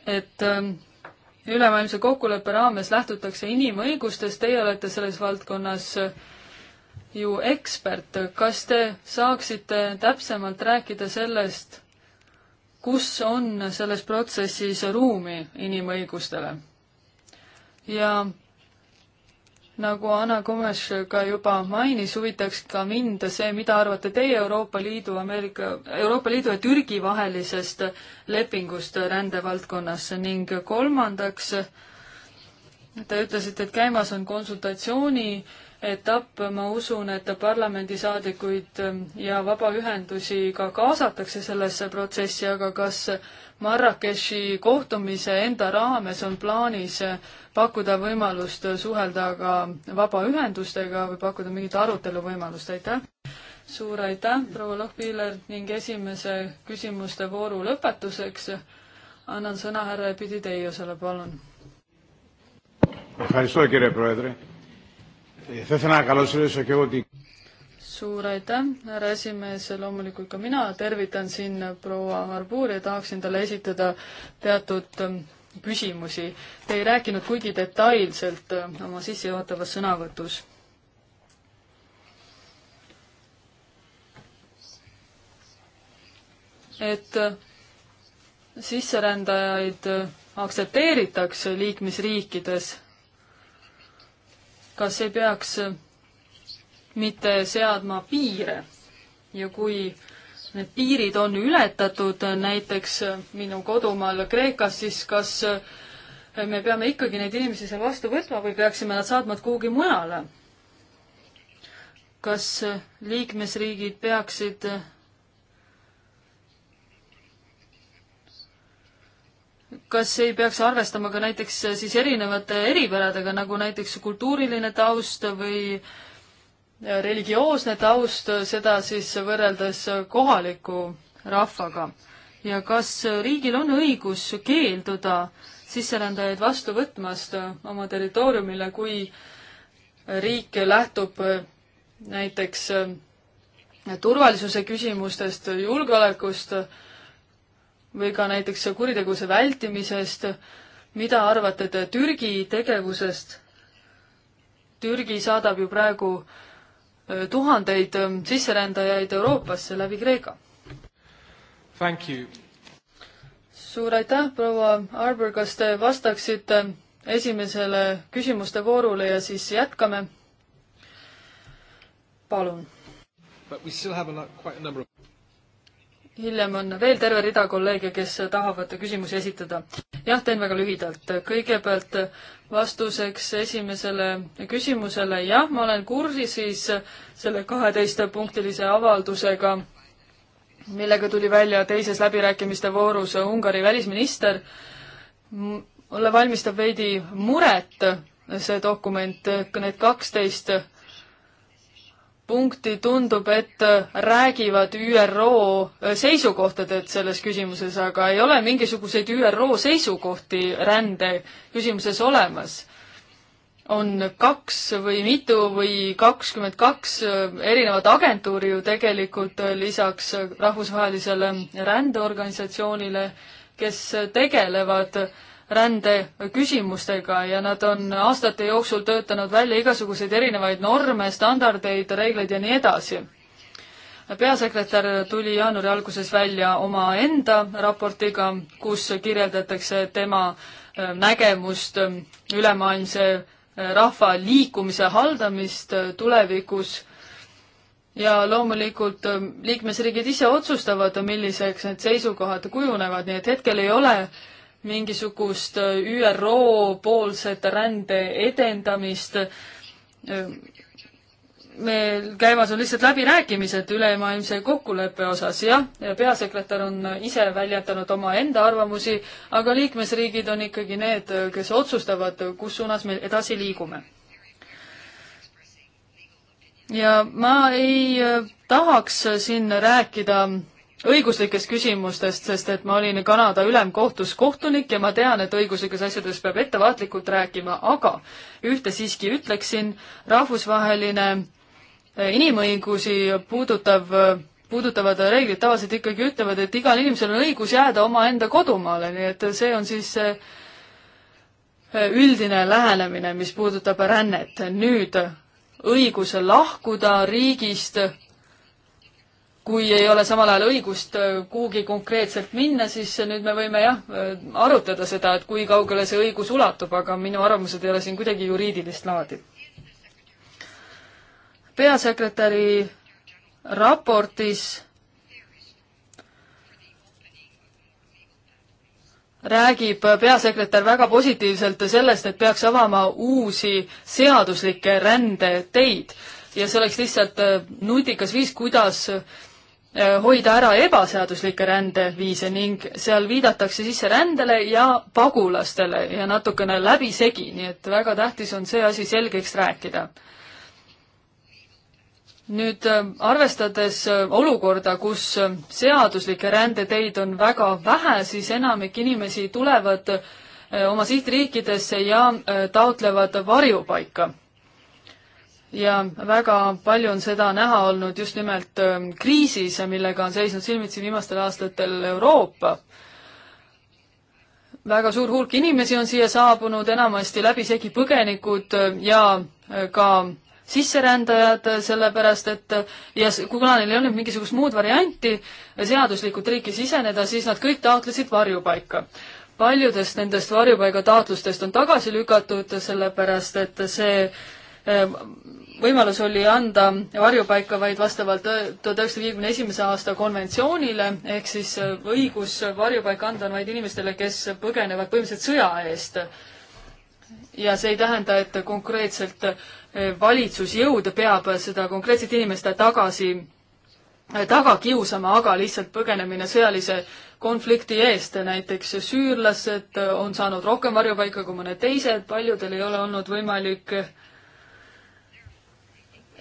et ähm, ülemaailmse kokkuleppe raames lähtutakse inimõigustest, teie olete selles valdkonnas ju ekspert, kas te saaksite täpsemalt rääkida sellest, kus on selles protsessis ruumi inimõigustele? ja nagu Anna Gomes ka juba mainis, huvitaks ka mind see, mida arvate teie Euroopa Liidu, Ameerika, Euroopa Liidu ja Türgi vahelisest lepingust rändevaldkonnas ning kolmandaks, te ütlesite, et käimas on konsultatsiooni äh, etapp, ma usun, et parlamendisaadikuid ja vabaühendusi ka kaasatakse sellesse protsessi, aga kas Marrakechi kohtumise enda raames on plaanis pakkuda võimalust suhelda ka vabaühendustega või pakkuda mingit aruteluvõimalust, aitäh! suur aitäh, proua Lohpiiler ning esimese küsimuste vooru lõpetuseks annan sõna härra Epiditeiosele, palun suur aitäh, härra esimees, loomulikult ka mina tervitan siin proua Harbuuri ja tahaksin talle esitada teatud ähm, küsimusi. Te ei rääkinud kuigi detailselt äh, oma sissejuhatavas sõnavõtus et äh, sisserändajaid äh, aktsepteeritakse liikmesriikides kas ei peaks mitte seadma piire ja kui need piirid on ületatud, näiteks minu kodumaal Kreekas, siis kas me peame ikkagi neid inimesi seal vastu võtma või peaksime nad saatma kuhugi mujale? kas liikmesriigid peaksid kas ei peaks arvestama ka näiteks äh, siis erinevate eripäradega, nagu näiteks kultuuriline taust või äh, religioosne taust, äh, seda siis võrreldes kohaliku rahvaga? ja kas riigil on õigus keelduda sisserändajaid vastu võtmast oma territooriumile, kui riik lähtub näiteks turvalisuse küsimustest, julgeolekust, või ka näiteks kuritegevuse vältimisest. mida arvate te Türgi tegevusest? Türgi saadab ju praegu äh, tuhandeid ähm, sisserändajaid Euroopasse läbi Kreeka. suur aitäh, proua Arbor, kas te vastaksite esimesele küsimuste voorule ja siis jätkame? palun. But we still have a, quite a number of hiljem on veel terve rida kolleege, kes tahavad küsimusi esitada. jah, teen väga lühidalt. kõigepealt vastuseks esimesele küsimusele, jah, ma olen kursis selle kaheteistpunktilise avaldusega, millega tuli välja teises läbirääkimiste voorus Ungari välisminister. mulle valmistab veidi muret see dokument, need kaksteist punkti tundub, et äh, räägivad ÜRO äh, seisukohtadelt selles küsimuses, aga ei ole mingisuguseid ÜRO seisukohti rände küsimuses olemas. on kaks või mitu või kakskümmend kaks äh, erinevat agentuuri ju tegelikult lisaks rahvusvahelisele rändeorganisatsioonile, kes tegelevad äh, rändeküsimustega ja nad on aastate jooksul töötanud välja igasuguseid erinevaid norme, standardeid, reegleid ja nii edasi. peasekretär tuli jaanuari alguses välja omaenda raportiga, kus kirjeldatakse tema äh, nägemust äh, ülemaailmse äh, rahva liikumise haldamist tulevikus ja loomulikult liikmesriigid ise otsustavad, milliseks need seisukohad kujunevad, nii et hetkel ei ole äh, mingisugust äh, ÜRO poolset rände edendamist. Äh, meil käimas on lihtsalt läbirääkimised ülemaailmse kokkuleppe osas, jah, peasekretär on ise väljendanud omaenda arvamusi, aga liikmesriigid on ikkagi need, kes otsustavad, kus suunas me edasi liigume ja ma ei äh, tahaks siin rääkida õiguslikest küsimustest, sest et ma olin Kanada ülemkohtus kohtunik ja ma tean, et õiguslikes asjades peab ettevaatlikult rääkima, aga ühte siiski ütleksin, rahvusvaheline eh, inimõigusi puudutav, puudutavad reeglid tavaliselt ikkagi ütlevad, et igal inimesel on õigus jääda omaenda kodumaale, nii et see on siis eh, üldine lähenemine, mis puudutab rännet. nüüd õiguse lahkuda riigist kui ei ole samal ajal õigust äh, kuhugi konkreetselt minna, siis nüüd me võime jah, äh, arutada seda, et kui kaugele see õigus ulatub, aga minu arvamused ei ole siin kuidagi juriidilist laadi. peasekretäri raportis räägib peasekretär väga positiivselt sellest, et peaks avama uusi seaduslikke rändeteid ja see oleks lihtsalt äh, nutikas viis, kuidas Äh, hoida ära ebaseaduslikke rändeviise ning seal viidatakse sisse rändele ja pagulastele ja natukene läbisegi, nii et väga tähtis on see asi selgeks rääkida nüüd äh, arvestades äh, olukorda, kus seaduslikke rändeteid on väga vähe, siis enamik inimesi tulevad oma sihtriikidesse ja taotlevad varjupaika ja väga palju on seda näha olnud just nimelt kriisis, millega on seisnud silmitsi viimastel aastatel Euroopa. väga suur hulk inimesi on siia saabunud, enamasti läbisegi põgenikud ja ka sisserändajad, sellepärast et ja kuna neil ei olnud mingisugust muud varianti seaduslikult riiki siseneda, siis nad kõik taotlesid varjupaika paljudest nendest varjupaigataotlustest on tagasi lükatud, sellepärast et see võimalus oli anda varjupaika vaid vastavalt tuhande üheksasaja viiekümne esimese aasta konventsioonile, ehk siis äh, õigus varjupaika anda on vaid inimestele, kes põgenevad põhimõtteliselt sõja eest. ja see ei tähenda, et konkreetselt äh, valitsusjõud peab seda konkreetset inimest tagasi, äh, taga kiusama, aga lihtsalt põgenemine sõjalise konflikti eest, näiteks süürlased on saanud rohkem varjupaika kui mõned teised, paljudel ei ole olnud võimalik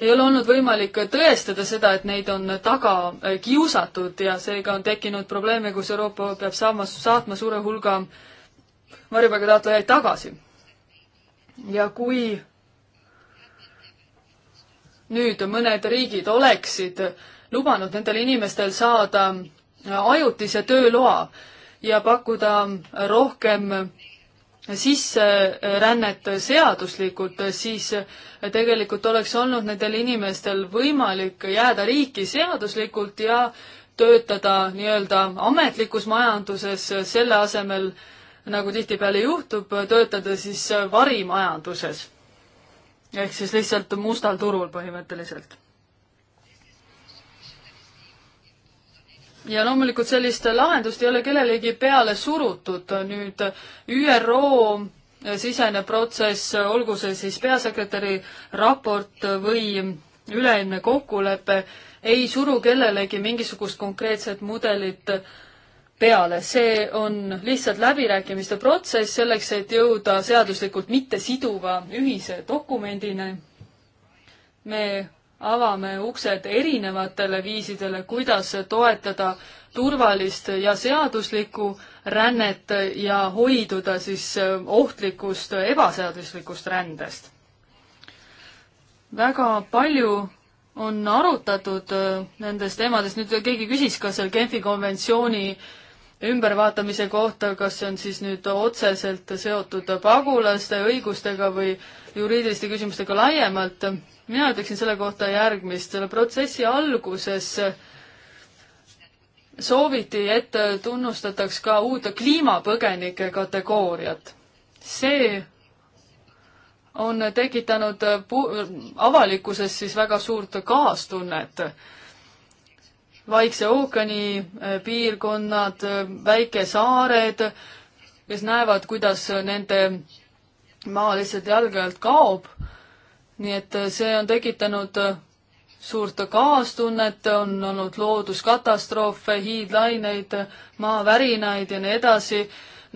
ei ole olnud võimalik tõestada seda, et neid on taga äh, kiusatud ja seega on tekkinud probleeme, kus Euroopa peab saama, saatma suure hulga varjupaigataotlejaid tagasi. ja kui nüüd mõned riigid oleksid lubanud nendel inimestel saada ajutise tööloa ja pakkuda rohkem sisserännet seaduslikult, siis tegelikult oleks olnud nendel inimestel võimalik jääda riiki seaduslikult ja töötada nii-öelda ametlikus majanduses, selle asemel, nagu tihtipeale juhtub, töötada siis varimajanduses. ehk siis lihtsalt mustal turul põhimõtteliselt. ja loomulikult sellist lahendust ei ole kellelegi peale surutud, nüüd ÜRO sisene protsess, olgu see siis peasekretäri raport või üleilmne kokkulepe, ei suru kellelegi mingisugust konkreetset mudelit peale, see on lihtsalt läbirääkimiste protsess selleks, et jõuda seaduslikult mittesiduva ühise dokumendini. me avame uksed erinevatele viisidele, kuidas toetada turvalist ja seaduslikku rännet ja hoiduda siis äh, ohtlikust ebaseaduslikust rändest. väga palju on arutatud äh, nendest teemadest, nüüd keegi küsis ka seal Genfi konventsiooni ümbervaatamise kohta, kas see on siis nüüd otseselt seotud pagulaste õigustega või juriidiliste küsimustega laiemalt mina ütleksin selle kohta järgmist, selle protsessi alguses sooviti, et tunnustataks ka uut kliimapõgenike kategooriat. see on tekitanud avalikkuses siis väga suurt kaastunnet. Vaikse ookeani eh, piirkonnad, eh, väikesaared, kes näevad, kuidas nende maa lihtsalt jalge alt kaob nii et äh, see on tekitanud äh, suurt kaastunnet, on olnud looduskatastroofe, hiidlaineid, maavärinaid ja nii edasi.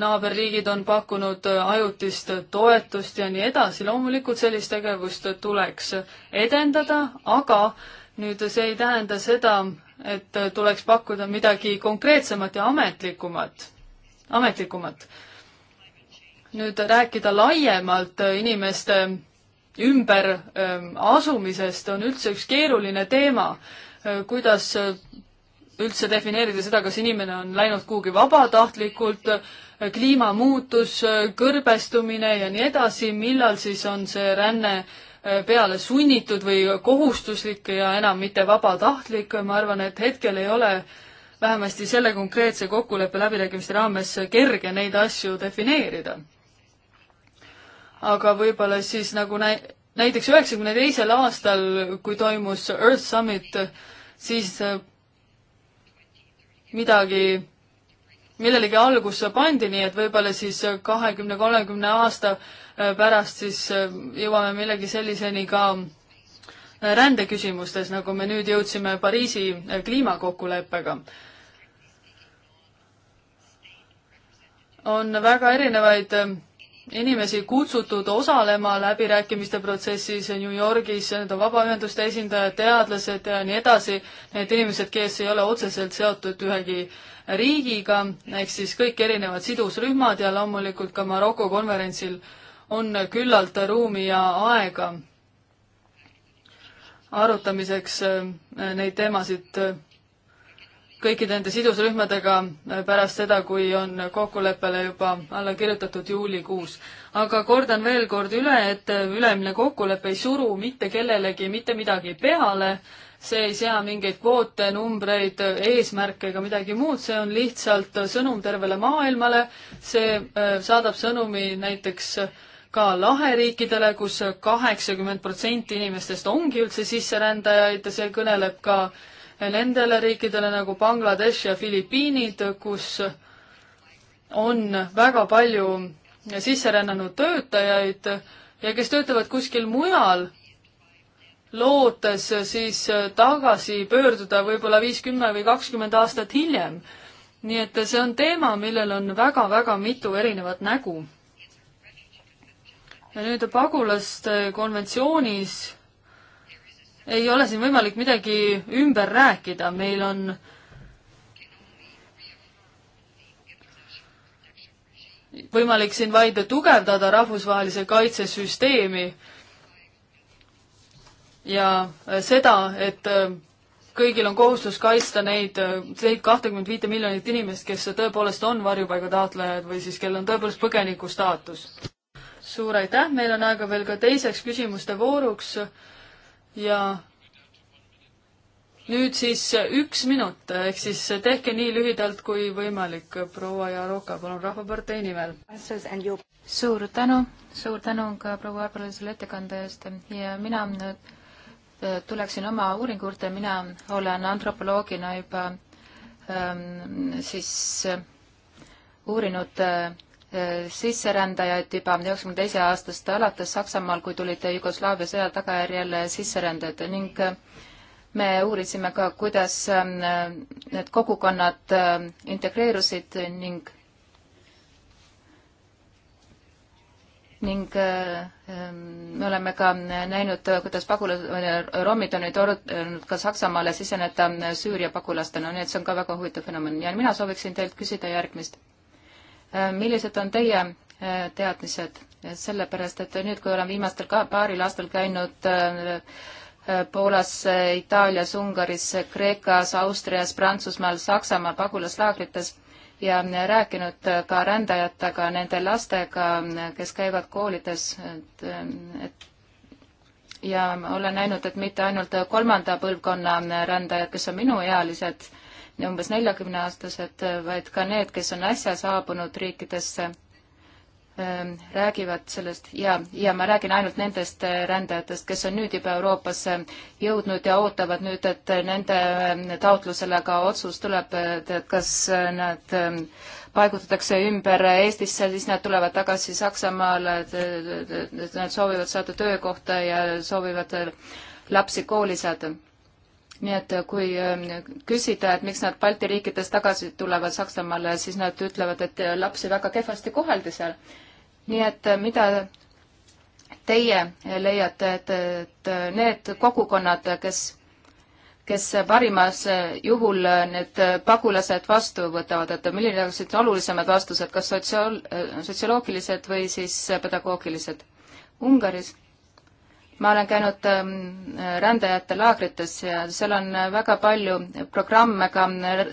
naaberriigid on pakkunud äh, ajutist toetust ja nii edasi. loomulikult sellist tegevust tuleks edendada, aga nüüd see ei tähenda seda, et tuleks pakkuda midagi konkreetsemat ja ametlikumat, ametlikumat. nüüd rääkida laiemalt inimeste ümberasumisest ähm, on üldse üks keeruline teema, äh, kuidas äh, üldse defineerida seda, kas inimene on läinud kuhugi vabatahtlikult, äh, kliimamuutus, kõrbestumine ja nii edasi, millal siis on see ränne peale sunnitud või kohustuslik ja enam mitte vabatahtlik, ma arvan, et hetkel ei ole vähemasti selle konkreetse kokkuleppe läbirääkimiste raames kerge neid asju defineerida aga võib-olla siis nagu näi-, näiteks üheksakümne teisel aastal, kui toimus Earth Summit, siis äh, midagi, millelegi algus pandi, nii et võib-olla siis kahekümne, kolmekümne aasta äh, pärast siis äh, jõuame millegi selliseni ka rändeküsimustes, nagu me nüüd jõudsime Pariisi kliimakokkuleppega. on väga erinevaid inimesi kutsutud osalema läbirääkimiste protsessis New Yorgis, need on vabaühenduste esindajad, teadlased ja nii edasi, need inimesed, kes ei ole otseselt seotud ühegi riigiga, ehk siis kõik erinevad sidusrühmad ja loomulikult ka Maroko konverentsil on küllalt ruumi ja aega arutamiseks äh, neid teemasid kõikide nende sidusrühmadega pärast seda, kui on kokkuleppele juba alla kirjutatud juulikuus. aga kordan veel kord üle, et ülemine kokkulepe ei suru mitte kellelegi mitte midagi peale, see ei sea mingeid kvoote, numbreid, eesmärke ega midagi muud, see on lihtsalt sõnum tervele maailmale, see äh, saadab sõnumi näiteks äh, ka laheriikidele kus, kus kaheksakümmend protsenti inimestest ongi üldse sisserändajaid, see kõneleb ka äh, nendele riikidele nagu Bangladesh ja Filipiinid, kus on väga palju sisserännanud töötajaid ja kes töötavad kuskil mujal, lootes siis tagasi pöörduda võib-olla viis, kümme või kakskümmend aastat hiljem. nii et see on teema, millel on väga-väga mitu erinevat nägu. ja nüüd pagulaste konventsioonis ei ole siin võimalik midagi ümber rääkida, meil on võimalik siin vaid tugevdada rahvusvahelise kaitsesüsteemi ja seda, et kõigil on kohustus kaitsta neid, neid kahtekümmet viite miljonit inimest, kes tõepoolest on varjupaigataotlejad või siis kellel on tõepoolest põgeniku staatus. suur aitäh, meil on aega veel ka teiseks küsimuste vooruks ja nüüd siis üks minut, ehk siis tehke nii lühidalt kui võimalik. proua Jaroka, palun Rahvapartei nimel. suur tänu, suur tänu ka proua Arbole selle ettekande eest ja mina nüüd äh, tuleksin oma uuringu juurde, mina olen antropoloogina juba ähm, siis äh, uurinud äh, Äh, sisserändajaid juba üheksakümne teise aastast alates Saksamaal, kui tulid Jugoslaavia sõja tagajärjel sisserändajad ning äh, me uurisime ka, kuidas ähm, need kogukonnad äh, integreerusid ning ning ähm, me oleme ka näinud, kuidas pagulas-, rommid on nüüd olnud ka Saksamaale siseneda Süüria pagulastena no,, nii et see on ka väga huvitav fenomen ja mina sooviksin teilt küsida järgmist Äh, millised on teie äh, teadmised, sellepärast et nüüd, kui olen viimastel ka paaril aastal käinud äh, Poolas, Itaalias, Ungaris, Kreekas, Austrias, Prantsusmaal, Saksamaal pagulaslaagrites ja rääkinud ka rändajatega, nende lastega, kes käivad koolides, et, et ja olen näinud, et mitte ainult kolmanda põlvkonna rändajad, kes on minuealised, umbes neljakümneaastased, vaid ka need, kes on äsja saabunud riikidesse, ähm, räägivad sellest ja, ja ma räägin ainult nendest äh, rändajatest, kes on nüüd juba Euroopasse jõudnud ja ootavad nüüd, et nende ähm, taotlusele ka otsus tuleb, et, et kas äh, nad ähm, paigutatakse ümber Eestisse, siis nad tulevad tagasi Saksamaale, et nad soovivad saada töökohta ja soovivad äh, lapsi kooli saada nii et äh, kui äh, küsida, et miks nad Balti riikides tagasi tulevad Saksamaale, siis nad ütlevad, et äh, lapsi väga kehvasti koheldi seal. nii et mida teie leiate, et, et need kogukonnad, kes, kes parimas juhul need pagulased vastu võtavad, et millised oleksid olulisemad vastused, kas sotsiaal, sotsioloogilised või siis pedagoogilised? Ungaris ma olen käinud ähm, rändajate laagrites ja seal on väga palju programme ka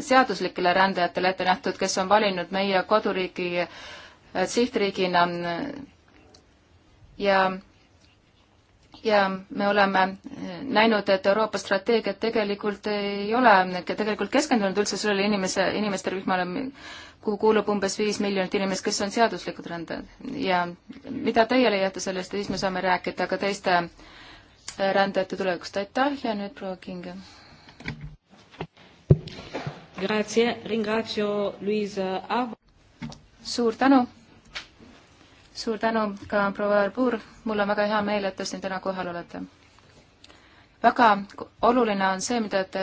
seaduslikele rändajatele ette nähtud, kes on valinud meie koduriigi äh, sihtriigina. ja, ja me oleme äh, näinud, et Euroopa strateegiad tegelikult ei ole tegelikult keskendunud üldse sellele inimese, inimeste rühmale, kuhu kuulub umbes viis miljonit inimest, kes on seaduslikud rändajad ja mida teie leiate sellest ja siis me saame rääkida ka teiste äh, rändajate tulevikust. aitäh ja nüüd proua Kinge. suur tänu. suur tänu ka proua Arbuur, mul on väga hea meel, et te siin täna kohal olete väga oluline on see, mida te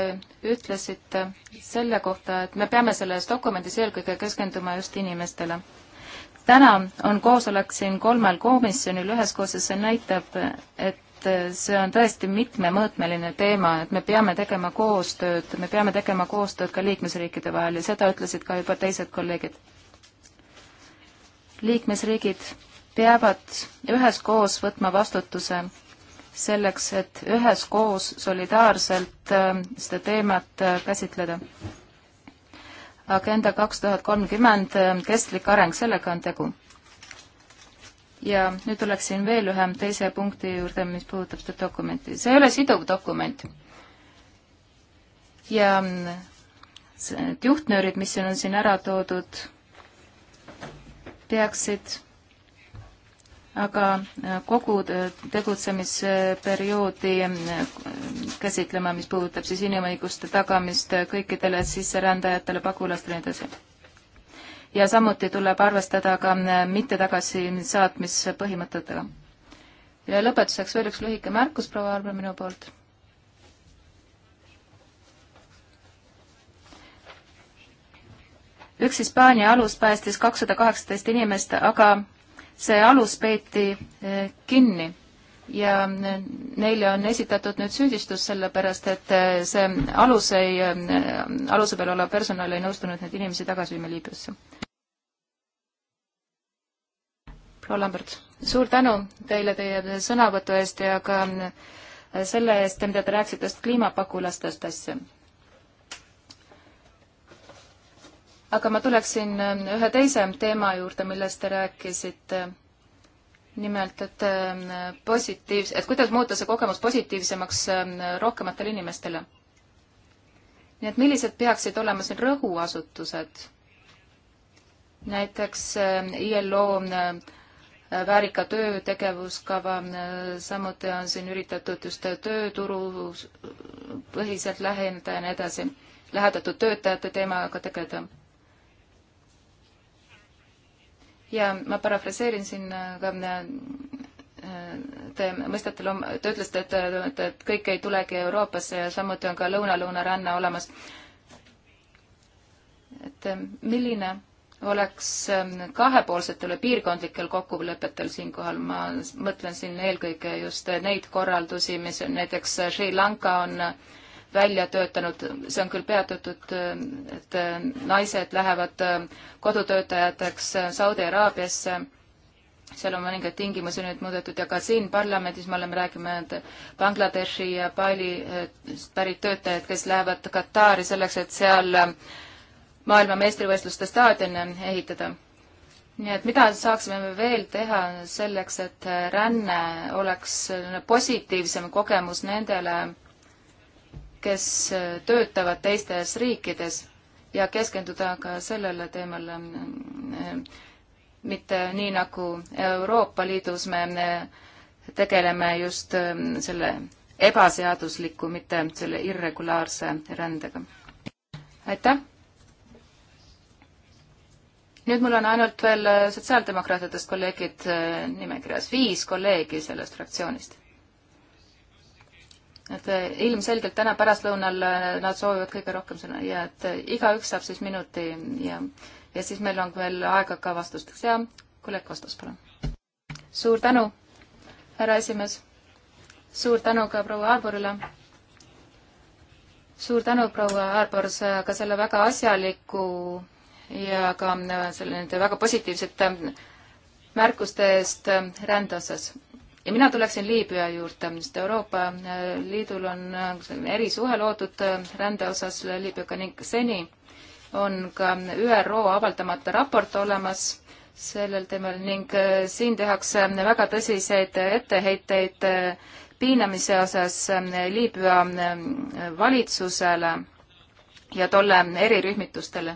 ütlesite selle kohta, et me peame selles dokumendis eelkõige keskenduma just inimestele. täna on koosolek siin kolmel komisjonil üheskoos ja see näitab, et see on tõesti mitmemõõtmeline teema, et me peame tegema koostööd, me peame tegema koostööd ka liikmesriikide vahel ja seda ütlesid ka juba teised kolleegid. liikmesriigid peavad üheskoos võtma vastutuse selleks, et üheskoos solidaarselt äh, seda teemat äh, käsitleda. Agenda kaks tuhat kolmkümmend, äh, kestlik areng, sellega on tegu. ja nüüd tuleksin veel ühe teise punkti juurde, mis puudutab seda dokumenti. see ei ole siduv dokument. ja need juhtnöörid, mis siin on siin ära toodud, peaksid aga äh, kogu äh, tegutsemisperioodi äh, käsitlema, mis puudutab siis inimõiguste tagamist kõikidele sisserändajatele, pagulastele ja nii edasi. ja samuti tuleb arvestada ka mitte tagasisaatmise põhimõtetega. ja lõpetuseks veel üks lühike märkus, proua Arve, minu poolt. üks Hispaania alus päästis kakssada kaheksateist inimest, aga see alus peeti eh, kinni ja eh, neile on esitatud nüüd süüdistus sellepärast, et eh, see alus ei, aluse peal olev personal ei nõustunud neid inimesi tagasi viima Liibüasse. proua Lambert, suur tänu teile teie sõnavõtu eest ja ka selle eest, mida te rääkisite kliimapagulastest asja aga ma tuleksin äh, ühe teise teema juurde, millest te rääkisite. nimelt, et ähm, positiivs-, et kuidas muuta see kogemus positiivsemaks ähm, rohkematele inimestele. nii et millised peaksid olema siin rõhuasutused? näiteks äh, ILO äh, väärika töö tegevuskava, samuti on siin üritatud just tööturu põhiselt läheneda ja nii edasi lähedatud töötajate teemaga tegeleda. ja ma parafraseerin siin äh, ka äh, te mõistate, te ütlesite, et, et kõik ei tulegi Euroopasse ja samuti on ka lõuna-lõunaranna olemas. et äh, milline oleks ähm, kahepoolsetel või piirkondlikel kokkulepetel siinkohal, ma mõtlen siin eelkõige just neid korraldusi, mis on näiteks Sri Lanka on äh, välja töötanud, see on küll peatatud, et naised lähevad ähm, kodutöötajateks äh, Saudi Araabiasse, seal on mõningaid tingimusi nüüd muudetud ja ka siin parlamendis me oleme rääkinud Bangladeshi ja Bali äh, pärit töötajaid, kes lähevad Katari selleks, et seal äh, maailma meistrivõistluste staadione ehitada nii et mida saaksime veel teha selleks, et ränne oleks positiivsem kogemus nendele kes töötavad teistes riikides ja keskenduda ka sellele teemale, mitte nii, nagu Euroopa Liidus me tegeleme just ähm, selle ebaseadusliku, mitte selle irregulaarse rändega. aitäh! nüüd mul on ainult veel äh, sotsiaaldemokraatidest kolleegid äh, nimekirjas, viis kolleegi sellest fraktsioonist et eh, ilmselgelt täna pärastlõunal eh, nad soovivad kõige rohkem sõna ja et eh, igaüks saab siis minuti ja, ja siis meil on veel aega ka vastusteks ja kolleeg vastas, palun. suur tänu, härra esimees. suur tänu ka proua Arborile. suur tänu, proua Arbor, ka selle väga asjaliku ja ka selle, nende väga positiivsete märkuste eest rände osas ja mina tuleksin Liibüa juurde, sest Euroopa äh, Liidul on äh, erisuhe loodud äh, rände osas Liibüaga ning seni on ka ÜRO avaldamata raport olemas sellel teemal ning siin tehakse väga tõsiseid etteheiteid piinamise osas Liibüa valitsusele ja tolle erirühmitustele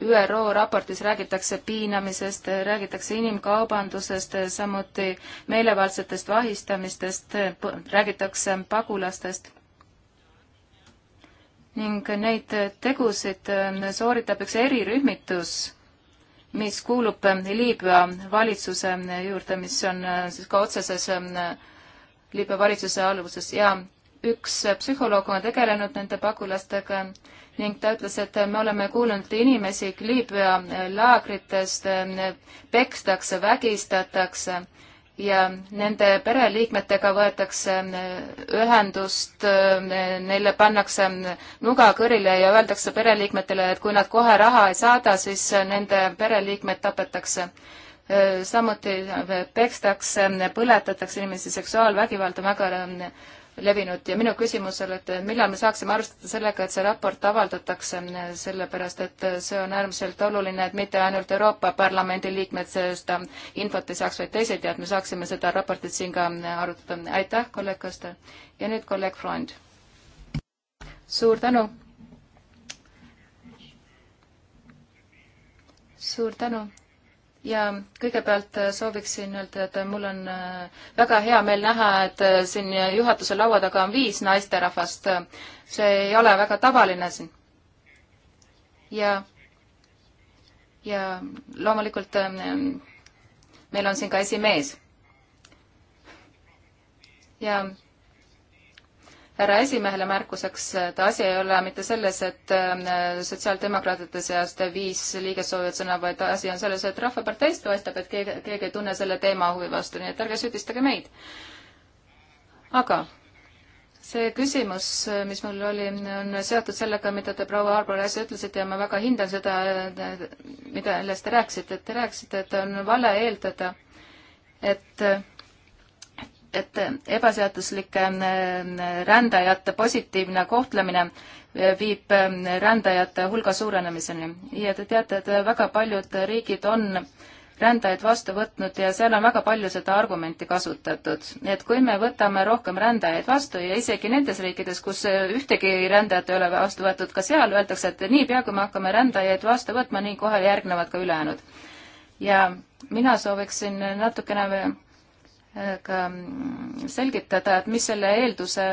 ÜRO raportis räägitakse piinamisest, räägitakse inimkaubandusest, samuti meelevaldsetest vahistamistest, räägitakse pagulastest. ning neid tegusid sooritab üks erirühmitus, mis kuulub Liibüa valitsuse juurde, mis on siis ka otseses Liibüa valitsuse alluvuses ja üks psühholoog on tegelenud nende pagulastega ning ta ütles, et me oleme kuulnud inimesi Liibüa eh, laagritest, eh, pekstakse, vägistatakse ja nende pereliikmetega võetakse eh, ühendust, neile pannakse nuga kõrile ja öeldakse pereliikmetele, et kui nad kohe raha ei saada, siis nende pereliikmed tapetakse. samuti pekstakse, põletatakse inimesi, seksuaalvägivald on väga levinud ja minu küsimus oli, et millal me saaksime arvestada sellega, et see raport avaldatakse, sellepärast et see on äärmiselt oluline, et mitte ainult Euroopa Parlamendi liikmed seda infot ei saaks, vaid teised ja et me saaksime seda raportit siin ka arutada. aitäh, kolleeg Köster. ja nüüd kolleeg Freund. suur tänu. suur tänu ja kõigepealt äh, sooviksin öelda, et mul on äh, väga hea meel näha, et äh, siin juhatuse laua taga on viis naisterahvast. see ei ole väga tavaline siin. ja, ja loomulikult ähm, meil on siin ka esimees. ja härra esimehele märkuseks, et asi ei ole mitte selles, et äh, sotsiaaldemokraatide seast viis liiget soovivad sõna, vaid asi on selles, et Rahvaparteist paistab, et keegi, keegi ei tunne selle teema huvi vastu, nii et ärge süüdistage meid. aga see küsimus, mis mul oli, on seotud sellega, mida te, proua Arbor, äsja ütlesite ja ma väga hindan seda, mida, millest te rääkisite, et te rääkisite, et on vale eeldada, et et ebaseaduslike mm, rändajate positiivne kohtlemine eh, viib mm, rändajate hulga suurenemiseni. ja te teate, et väga paljud riigid on rändajaid vastu võtnud ja seal on väga palju seda argumenti kasutatud. et kui me võtame rohkem rändajaid vastu ja isegi nendes riikides, kus eh, ühtegi rändajat ei ole vastu võetud, ka seal öeldakse, et niipea, kui me hakkame rändajaid vastu võtma, nii kohe järgnevad ka ülejäänud. ja mina sooviksin natukene ka selgitada, et mis selle eelduse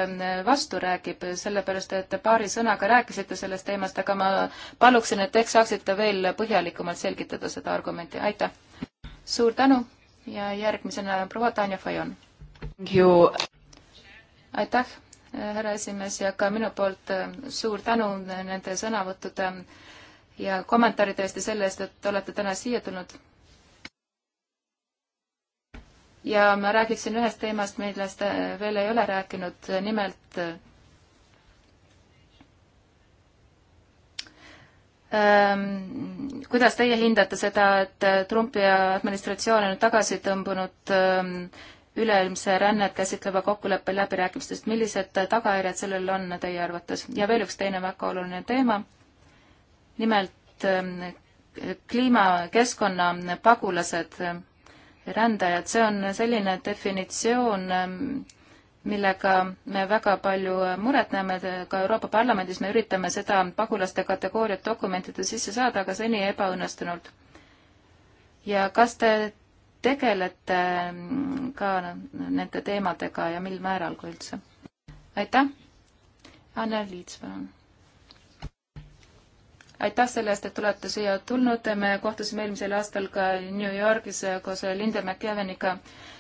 vastu räägib, sellepärast et paari sõnaga rääkisite sellest teemast, aga ma paluksin, et eks saaksite veel põhjalikumalt selgitada seda argumenti, aitäh! suur tänu ja järgmisena proua Tanja Fajon. aitäh, härra esimees, ja ka minu poolt suur tänu nende sõnavõttude ja kommentaaride eest ja selle eest, et olete täna siia tulnud ja ma räägiksin ühest teemast, millest äh, veel ei ole rääkinud, äh, nimelt äh, ähm, kuidas teie hindate seda, et Trumpi administratsioon on tagasi tõmbunud ähm, üleilmse rännet käsitleva kokkuleppe läbirääkimistest, millised tagajärjed sellel on teie arvates? ja veel üks teine väga oluline teema, nimelt ähm, kliima, keskkonna pagulased rändajad, see on selline definitsioon, ähm, millega me väga palju äh, muret näeme, ka Euroopa Parlamendis me üritame seda pagulaste kategooriat dokumentide sisse saada, aga seni ebaõnnestunult. ja kas te tegelete ähm, ka nende teemadega ja mil määral, kui üldse? aitäh! Anne Liits, palun aitäh selle eest, et olete siia tulnud, me kohtusime eelmisel aastal ka New Yorgis koos Linda McEveniga,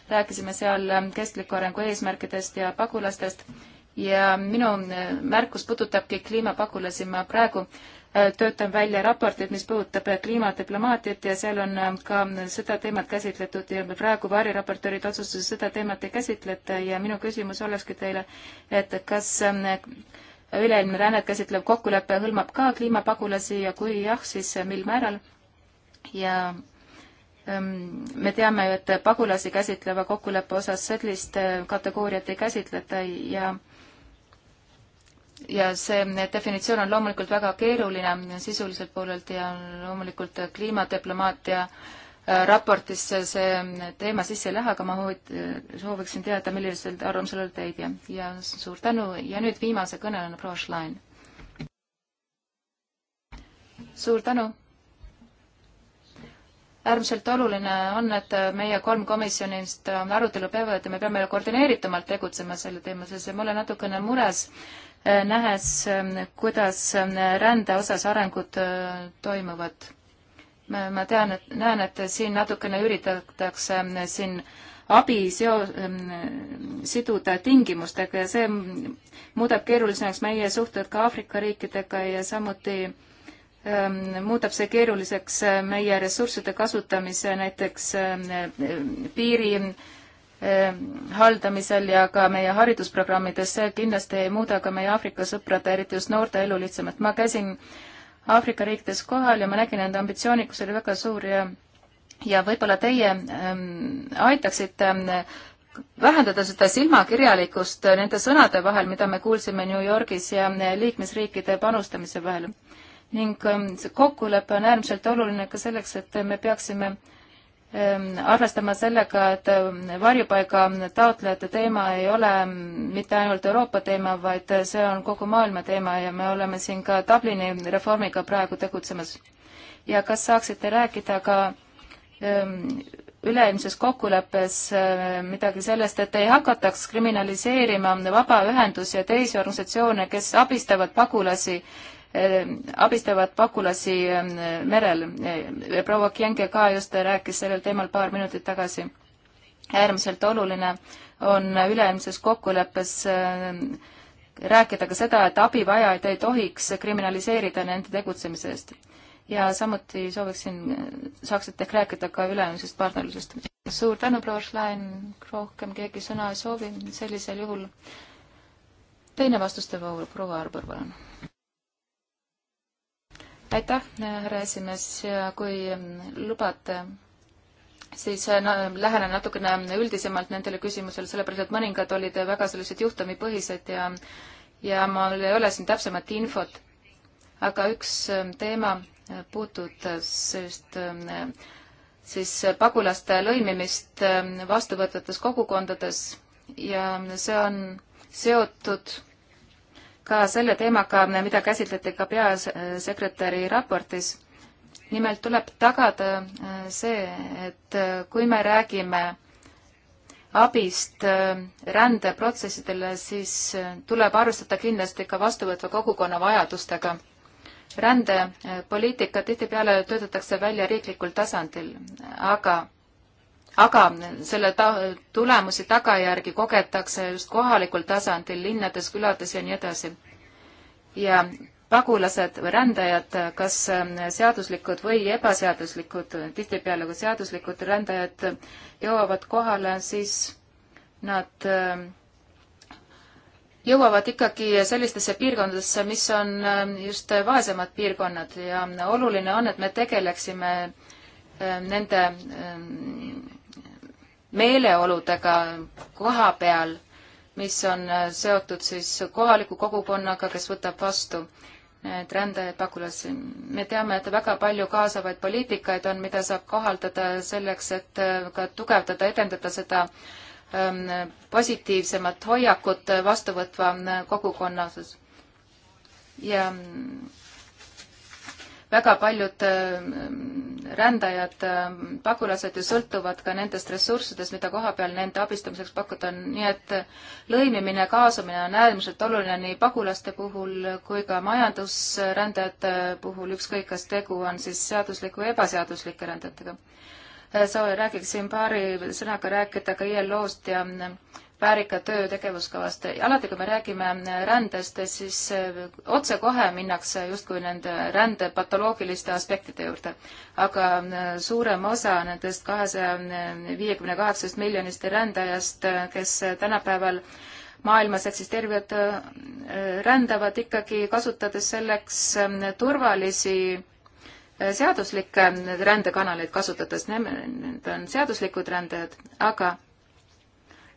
rääkisime seal kestliku arengu eesmärkidest ja pagulastest ja minu märkus puudutabki kliimapagulasi, ma praegu äh, töötan välja raportit, mis puudutab kliimadiplomaatiat ja seal on äh, ka seda teemat käsitletud ja praegu variraportöörid otsustasid, seda teemat ei käsitleta ja minu küsimus olekski teile, et kas äh, üleilmne rännet käsitlev kokkulepe hõlmab ka kliimapagulasi ja kui jah, siis mil määral? ja ähm, me teame ju, et pagulasi käsitleva kokkuleppe osas sellist äh, kategooriat ei käsitleta ja ja see definitsioon on loomulikult väga keeruline sisuliselt poolelt ja loomulikult kliimadiplomaatia äh, Äh, raportisse see äh, teema sisse ei lähe, aga ma sooviksin teada, millisel arvamusel olete teie ja suur tänu ja nüüd viimase kõnelejana proua Schlein. suur tänu. äärmiselt oluline on, et meie kolm komisjonist arutelu peavad ja me peame koordineeritumalt tegutsema selle teema, sest ma olen natukene mures, äh, nähes, kuidas rände osas arengud toimuvad ma tean, et näen, et siin natukene üritatakse mm, siin abi seo-, mm, siduda tingimustega ja see muudab keerulisemaks meie suhted ka Aafrika riikidega ja samuti ähm, muudab see keeruliseks meie ressursside kasutamise näiteks ähm, piiri ähm, haldamisel ja ka meie haridusprogrammides, see kindlasti ei muuda ka meie Aafrika sõprade, eriti just noorte elu lihtsamalt. ma käisin äh, Aafrika riikides kohal ja ma nägin, nende ambitsioonikus oli väga suur ja ja võib-olla teie ähm, aitaksite ähm, vähendada seda silmakirjalikkust nende sõnade vahel, mida me kuulsime New Yorgis ja äh, liikmesriikide panustamise vahel. ning ähm, see kokkulepe on äärmiselt oluline ka selleks, et me peaksime äh, Ehm, arvestama sellega, et ehm, varjupaiga taotlejate teema ei ole mitte ainult Euroopa teema, vaid see on kogu maailma teema ja me oleme siin ka Dublini reformiga praegu tegutsemas. ja kas saaksite rääkida ka ehm, üleilmses kokkuleppes midagi sellest, et ei hakataks kriminaliseerima vabaühendusi ja teisi organisatsioone, kes abistavad pagulasi Ehm, abistavad pagulasi ehm, merel. Ehm, proua Kienge ka just rääkis sellel teemal paar minutit tagasi. äärmiselt oluline on üleilmses kokkuleppes rääkida ka seda, et abivajajaid ei tohiks kriminaliseerida nende tegutsemise eest. ja samuti sooviksin, saaksite ehk rääkida ka üleilmsest partnerlusest. suur tänu, proua Schlein, rohkem keegi sõna ei soovi, sellisel juhul teine vastuste voor, proua Arbor, palun aitäh, härra esimees ja kui lubate, siis äh, no, lähenen natukene üldisemalt nendele küsimusele, sellepärast et mõningad olid väga sellised juhtumipõhised ja ja mul ei ole siin täpsemat infot. aga üks äh, teema äh, puudutas just siis pagulaste lõimimist vastuvõtvates kogukondades ja see on seotud ka selle teemaga, mida käsitleti ka peasekretäri raportis. nimelt tuleb tagada äh, see, et äh, kui me räägime abist äh, rändeprotsessidele, siis tuleb arvestada kindlasti ka vastuvõtva kogukonna vajadustega. rändepoliitika tihtipeale töötatakse välja riiklikul tasandil, aga aga selle ta-, tulemusi, tagajärgi kogetakse just kohalikul tasandil, linnades, külades ja nii edasi. ja pagulased või rändajad, kas ähm, seaduslikud või ebaseaduslikud, tihtipeale kui seaduslikud rändajad jõuavad kohale, siis nad ähm, jõuavad ikkagi sellistesse piirkondadesse, mis on ähm, just vaesemad piirkonnad ja oluline on, et me tegeleksime nende meeleoludega koha peal, mis on seotud siis kohaliku kogukonnaga, kes võtab vastu need rändajaid, pagulasi. me teame, et väga palju kaasavaid poliitikaid on, mida saab kohaldada selleks, et ka tugevdada, edendada seda ähm, positiivsemat hoiakut vastuvõtva kogukonna osas. ja väga paljud äh, rändajad, äh, pagulased ju sõltuvad ka nendest ressurssidest, mida koha peal nende abistamiseks pakkuda on, nii et äh, lõimimine, kaasamine on äärmiselt oluline nii pagulaste puhul kui ka majandusrändajate puhul, ükskõik, kas tegu on siis seadusliku või ebaseaduslike rändajatega. sa räägiksin paari sõnaga rääkida ka ILO-st ja väärika töö tegevuskavast. alati, kui me räägime rändest, siis eh, otsekohe minnakse justkui nende rände patoloogiliste aspektide juurde. aga eh, suurem osa nendest kahesaja viiekümne kaheksast miljonist rändajast, eh, kes tänapäeval maailmas eksisteerivad, rändavad ikkagi kasutades selleks turvalisi seaduslikke rändekanaleid kasutades, need on seaduslikud rändajad, aga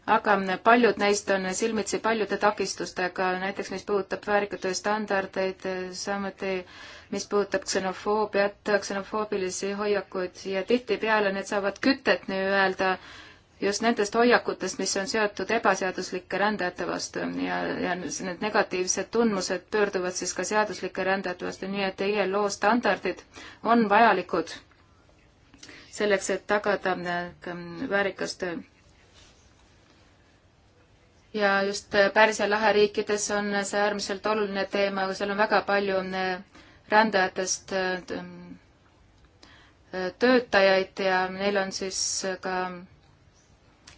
aga paljud neist on silmitsi paljude takistustega, näiteks mis puudutab väärikatöö standardeid, samuti mis puudutab ksenofoobiat, ksenofoobilisi hoiakuid ja tihtipeale need saavad kütet nii-öelda just nendest hoiakutest, mis on seotud ebaseaduslike rändajate vastu ja, ja need negatiivsed tundmused pöörduvad siis ka seaduslike rändajate vastu, nii et ILO e standardid on vajalikud selleks, et tagada äh, väärikas töö ja just äh, Pärsia lahe riikides on äh, see äärmiselt oluline teema, aga seal on väga palju äh, rändajatest ähm, töötajaid ja neil on siis ka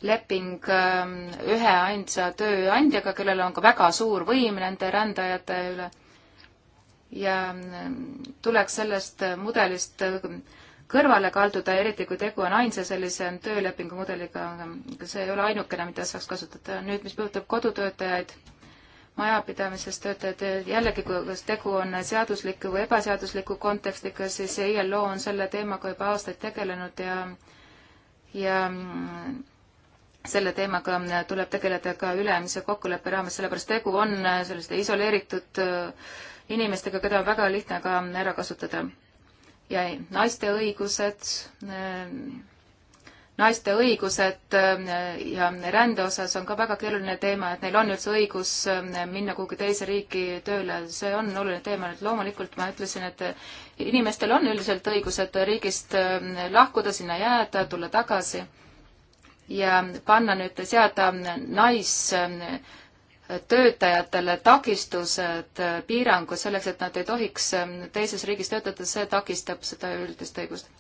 leping ähm, ühe ainsa tööandjaga, kellel on ka väga suur võim nende rändajate üle. ja ähm, tuleks sellest mudelist kõrvale kalduda, eriti kui tegu on ainsa sellise töölepingu mudeliga, see ei ole ainukene, mida saaks kasutada. nüüd, mis puudutab kodutöötajaid, majapidamises töötajad, jällegi, kas tegu on seadusliku või ebaseadusliku kontekstiga, siis ILO e on selle teemaga juba aastaid tegelenud ja, ja selle teemaga tuleb tegeleda ka ülemise kokkuleppe raames, sellepärast tegu on selliste isoleeritud äh, inimestega, keda on väga lihtne ka ära kasutada ja naiste õigused, ähm, naiste õigused ähm, ja rände osas on ka väga keeruline teema, et neil on üldse õigus ähm, minna kuhugi teise riiki tööle, see on oluline teema, et loomulikult ma ütlesin, et inimestel on üldiselt õigused riigist lahkuda, sinna jääda, tulla tagasi ja panna nüüd, seada nais nice töötajatele takistused, äh, piirangud selleks, et nad ei tohiks ähm, teises riigis töötada, see takistab seda üldist õigust.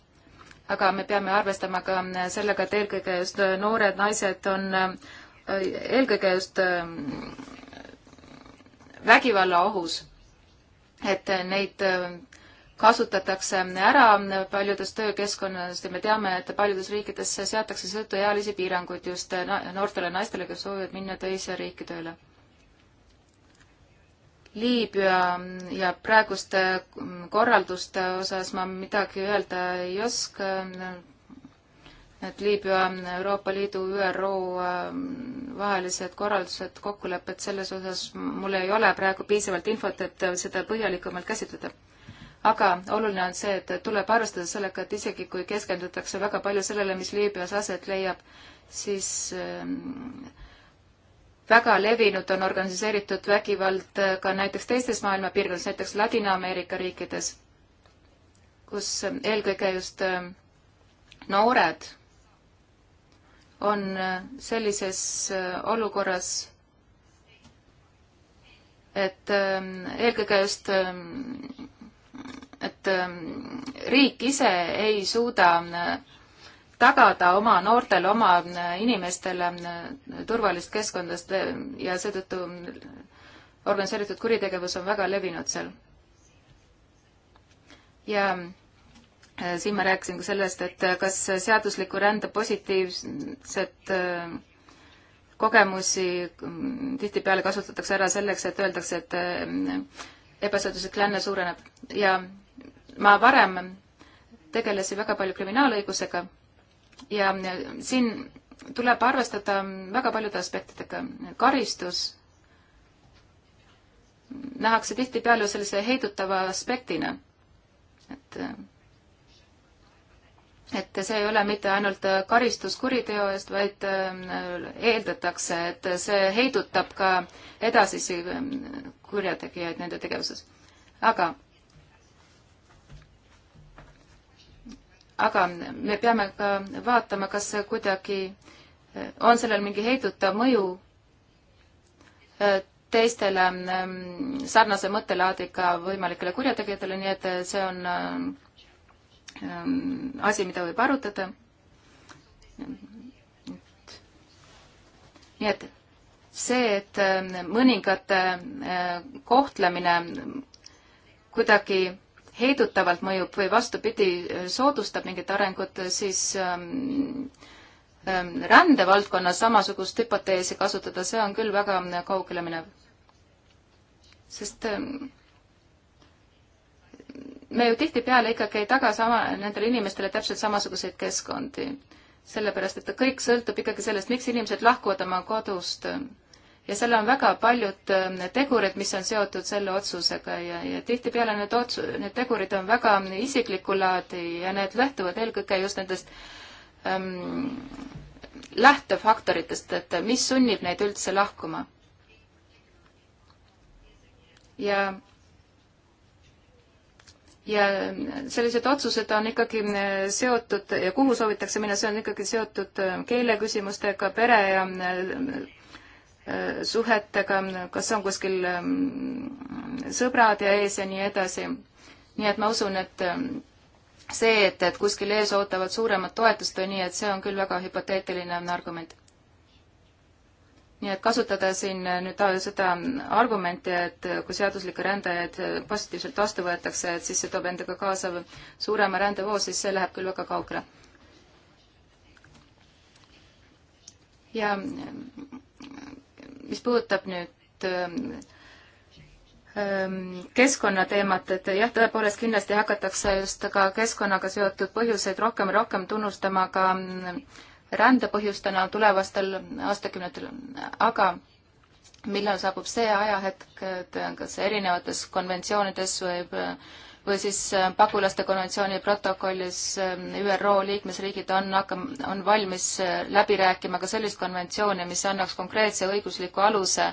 aga me peame arvestama ka äh, sellega, et eelkõige just äh, noored naised on ähm, eelkõige just ähm, vägivalla ohus. et neid kasutatakse ära paljudes töökeskkonnas ja me teame, et paljudes riikides seatakse sõltuealisi piiranguid just noortele naistele, kes soovivad minna teise riiki tööle Liibüa ja praeguste korralduste osas ma midagi öelda ei oska. et Liibüa, Euroopa Liidu, ÜRO ähm, vahelised korraldused, kokkulepped selles osas, mul ei ole praegu piisavalt infot, et seda põhjalikumalt käsitleda. aga oluline on see, et tuleb arvestada sellega, et isegi kui keskendutakse väga palju sellele, mis Liibüas aset leiab, siis äh, väga levinud on organiseeritud vägivald äh, ka näiteks teistes maailma piirkondades, näiteks Ladina-Ameerika riikides, kus äh, eelkõige just äh, noored on sellises olukorras, et eelkõige just, et riik ise ei suuda tagada oma noortele, oma äh, inimestele äh, turvalist keskkondast äh, ja seetõttu organiseeritud kuritegevus on väga levinud seal. ja siin ma rääkisin ka sellest, et kas seadusliku rände positiivset kogemusi mm, tihtipeale kasutatakse ära selleks, et öeldakse, et ebaseaduslik länne suureneb ja ma varem tegelesin väga palju kriminaalõigusega ja siin tuleb arvestada väga paljude aspektidega. karistus nähakse tihtipeale sellise heidutava aspektina. et, et see ei ole mitte ainult karistus kuriteo eest, vaid äh, eeldatakse, et see heidutab ka edasisi äh, kurjategijaid nende tegevuses. aga aga me peame ka vaatama, kas see kuidagi, eh, on sellel mingi heidutav mõju eh, teistele mm, sarnase mõttelaadiga võimalikele kurjategijatele, nii et eh, see on mm, asi, mida võib arutada. nii et see, et mõningate kohtlemine kuidagi heidutavalt mõjub või vastupidi, soodustab mingit arengut, siis ähm, ähm, rändevaldkonnas samasugust hüpoteesi kasutada, see on küll väga kaugele minev. sest ähm, me ju tihtipeale ikkagi ei taga sama, nendele inimestele täpselt samasuguseid keskkondi. sellepärast, et kõik sõltub ikkagi sellest, miks inimesed lahkuvad oma kodust ja seal on väga paljud ähm, tegurid, mis on seotud selle otsusega ja, ja tihtipeale need ots-, need tegurid on väga ähm, isiklikku laadi ja need lähtuvad eelkõige just nendest ähm, lähtefaktoritest, et mis sunnib neid üldse lahkuma. ja ja sellised otsused on ikkagi äh, seotud ja kuhu soovitakse minna, see on ikkagi seotud äh, keeleküsimustega, pere ja äh, suhetega, kas on kuskil mm, sõbrad ja ees ja nii edasi. nii et ma usun, et mm, see, et, et kuskil ees ootavad suuremat toetust või nii, et see on küll väga hüpoteetiline argument. nii et kasutada siin nüüd seda argumenti, et kui seaduslikke rändajaid positiivselt vastu võetakse, et siis see toob endaga kaasa suurema rändevoo, siis see läheb küll väga kaugele. ja mis puudutab nüüd ähm, ähm, keskkonnateemat, et jah, tõepoolest kindlasti hakatakse just ka keskkonnaga seotud põhjuseid rohkem ja rohkem tunnustama ka mm, rändepõhjustena tulevastel aastakümnetel, aga millal saabub see ajahetk, et kas erinevates konventsioonides võib või siis äh, pagulaste konventsiooni protokollis äh, ÜRO liikmesriigid on hakkam-, on valmis äh, läbi rääkima ka sellist konventsiooni, mis annaks konkreetse õigusliku aluse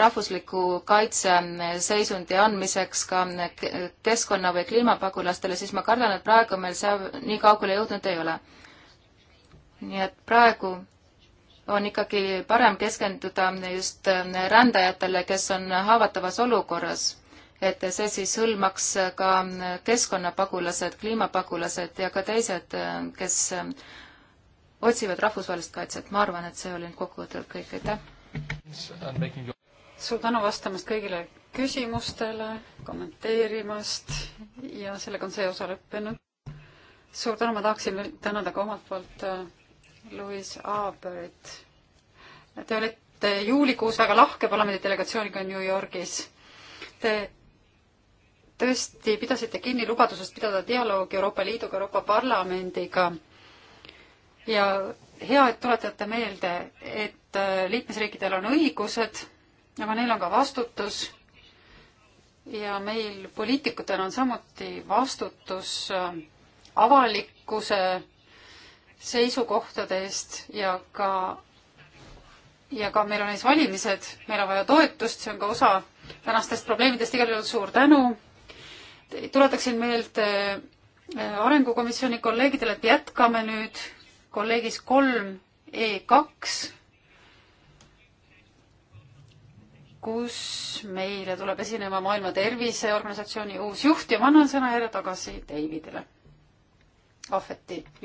rahvusliku kaitse seisundi andmiseks ka keskkonna- või kliimapagulastele, siis ma kardan, et praegu meil see nii kaugele jõudnud ei ole. nii et praegu on ikkagi parem keskenduda just rändajatele, kes on haavatavas olukorras et see siis hõlmaks ka keskkonnapagulased, kliimapagulased ja ka teised, kes otsivad rahvusvahelist kaitset. ma arvan, et see oli nüüd kokkuvõtvalt kõik, aitäh! suur tänu vastamast kõigile küsimustele, kommenteerimast ja sellega on see osa lõppenud. suur tänu, ma tahaksin tänada ka omalt poolt äh, Louis Aaberit. Te olete juulikuus väga lahke parlamendi delegatsiooniga New Yorgis. Te tõesti pidasite kinni lubadusest pidada dialoogi Euroopa Liiduga, Euroopa Parlamendiga ja hea, et tuletate meelde, et äh, liikmesriikidel on õigused, aga neil on ka vastutus ja meil poliitikutel on samuti vastutus äh, avalikkuse seisukohtade eest ja ka ja ka meil on ees valimised, meil on vaja toetust, see on ka osa tänastest probleemidest, igal juhul suur tänu tuletaksin meelde äh, arengukomisjoni kolleegidele, et jätkame nüüd kolleegis kolm E kaks, kus meile tuleb esinema Maailma Terviseorganisatsiooni uus juht ja ma annan sõna jälle tagasi Davidile, Ahveti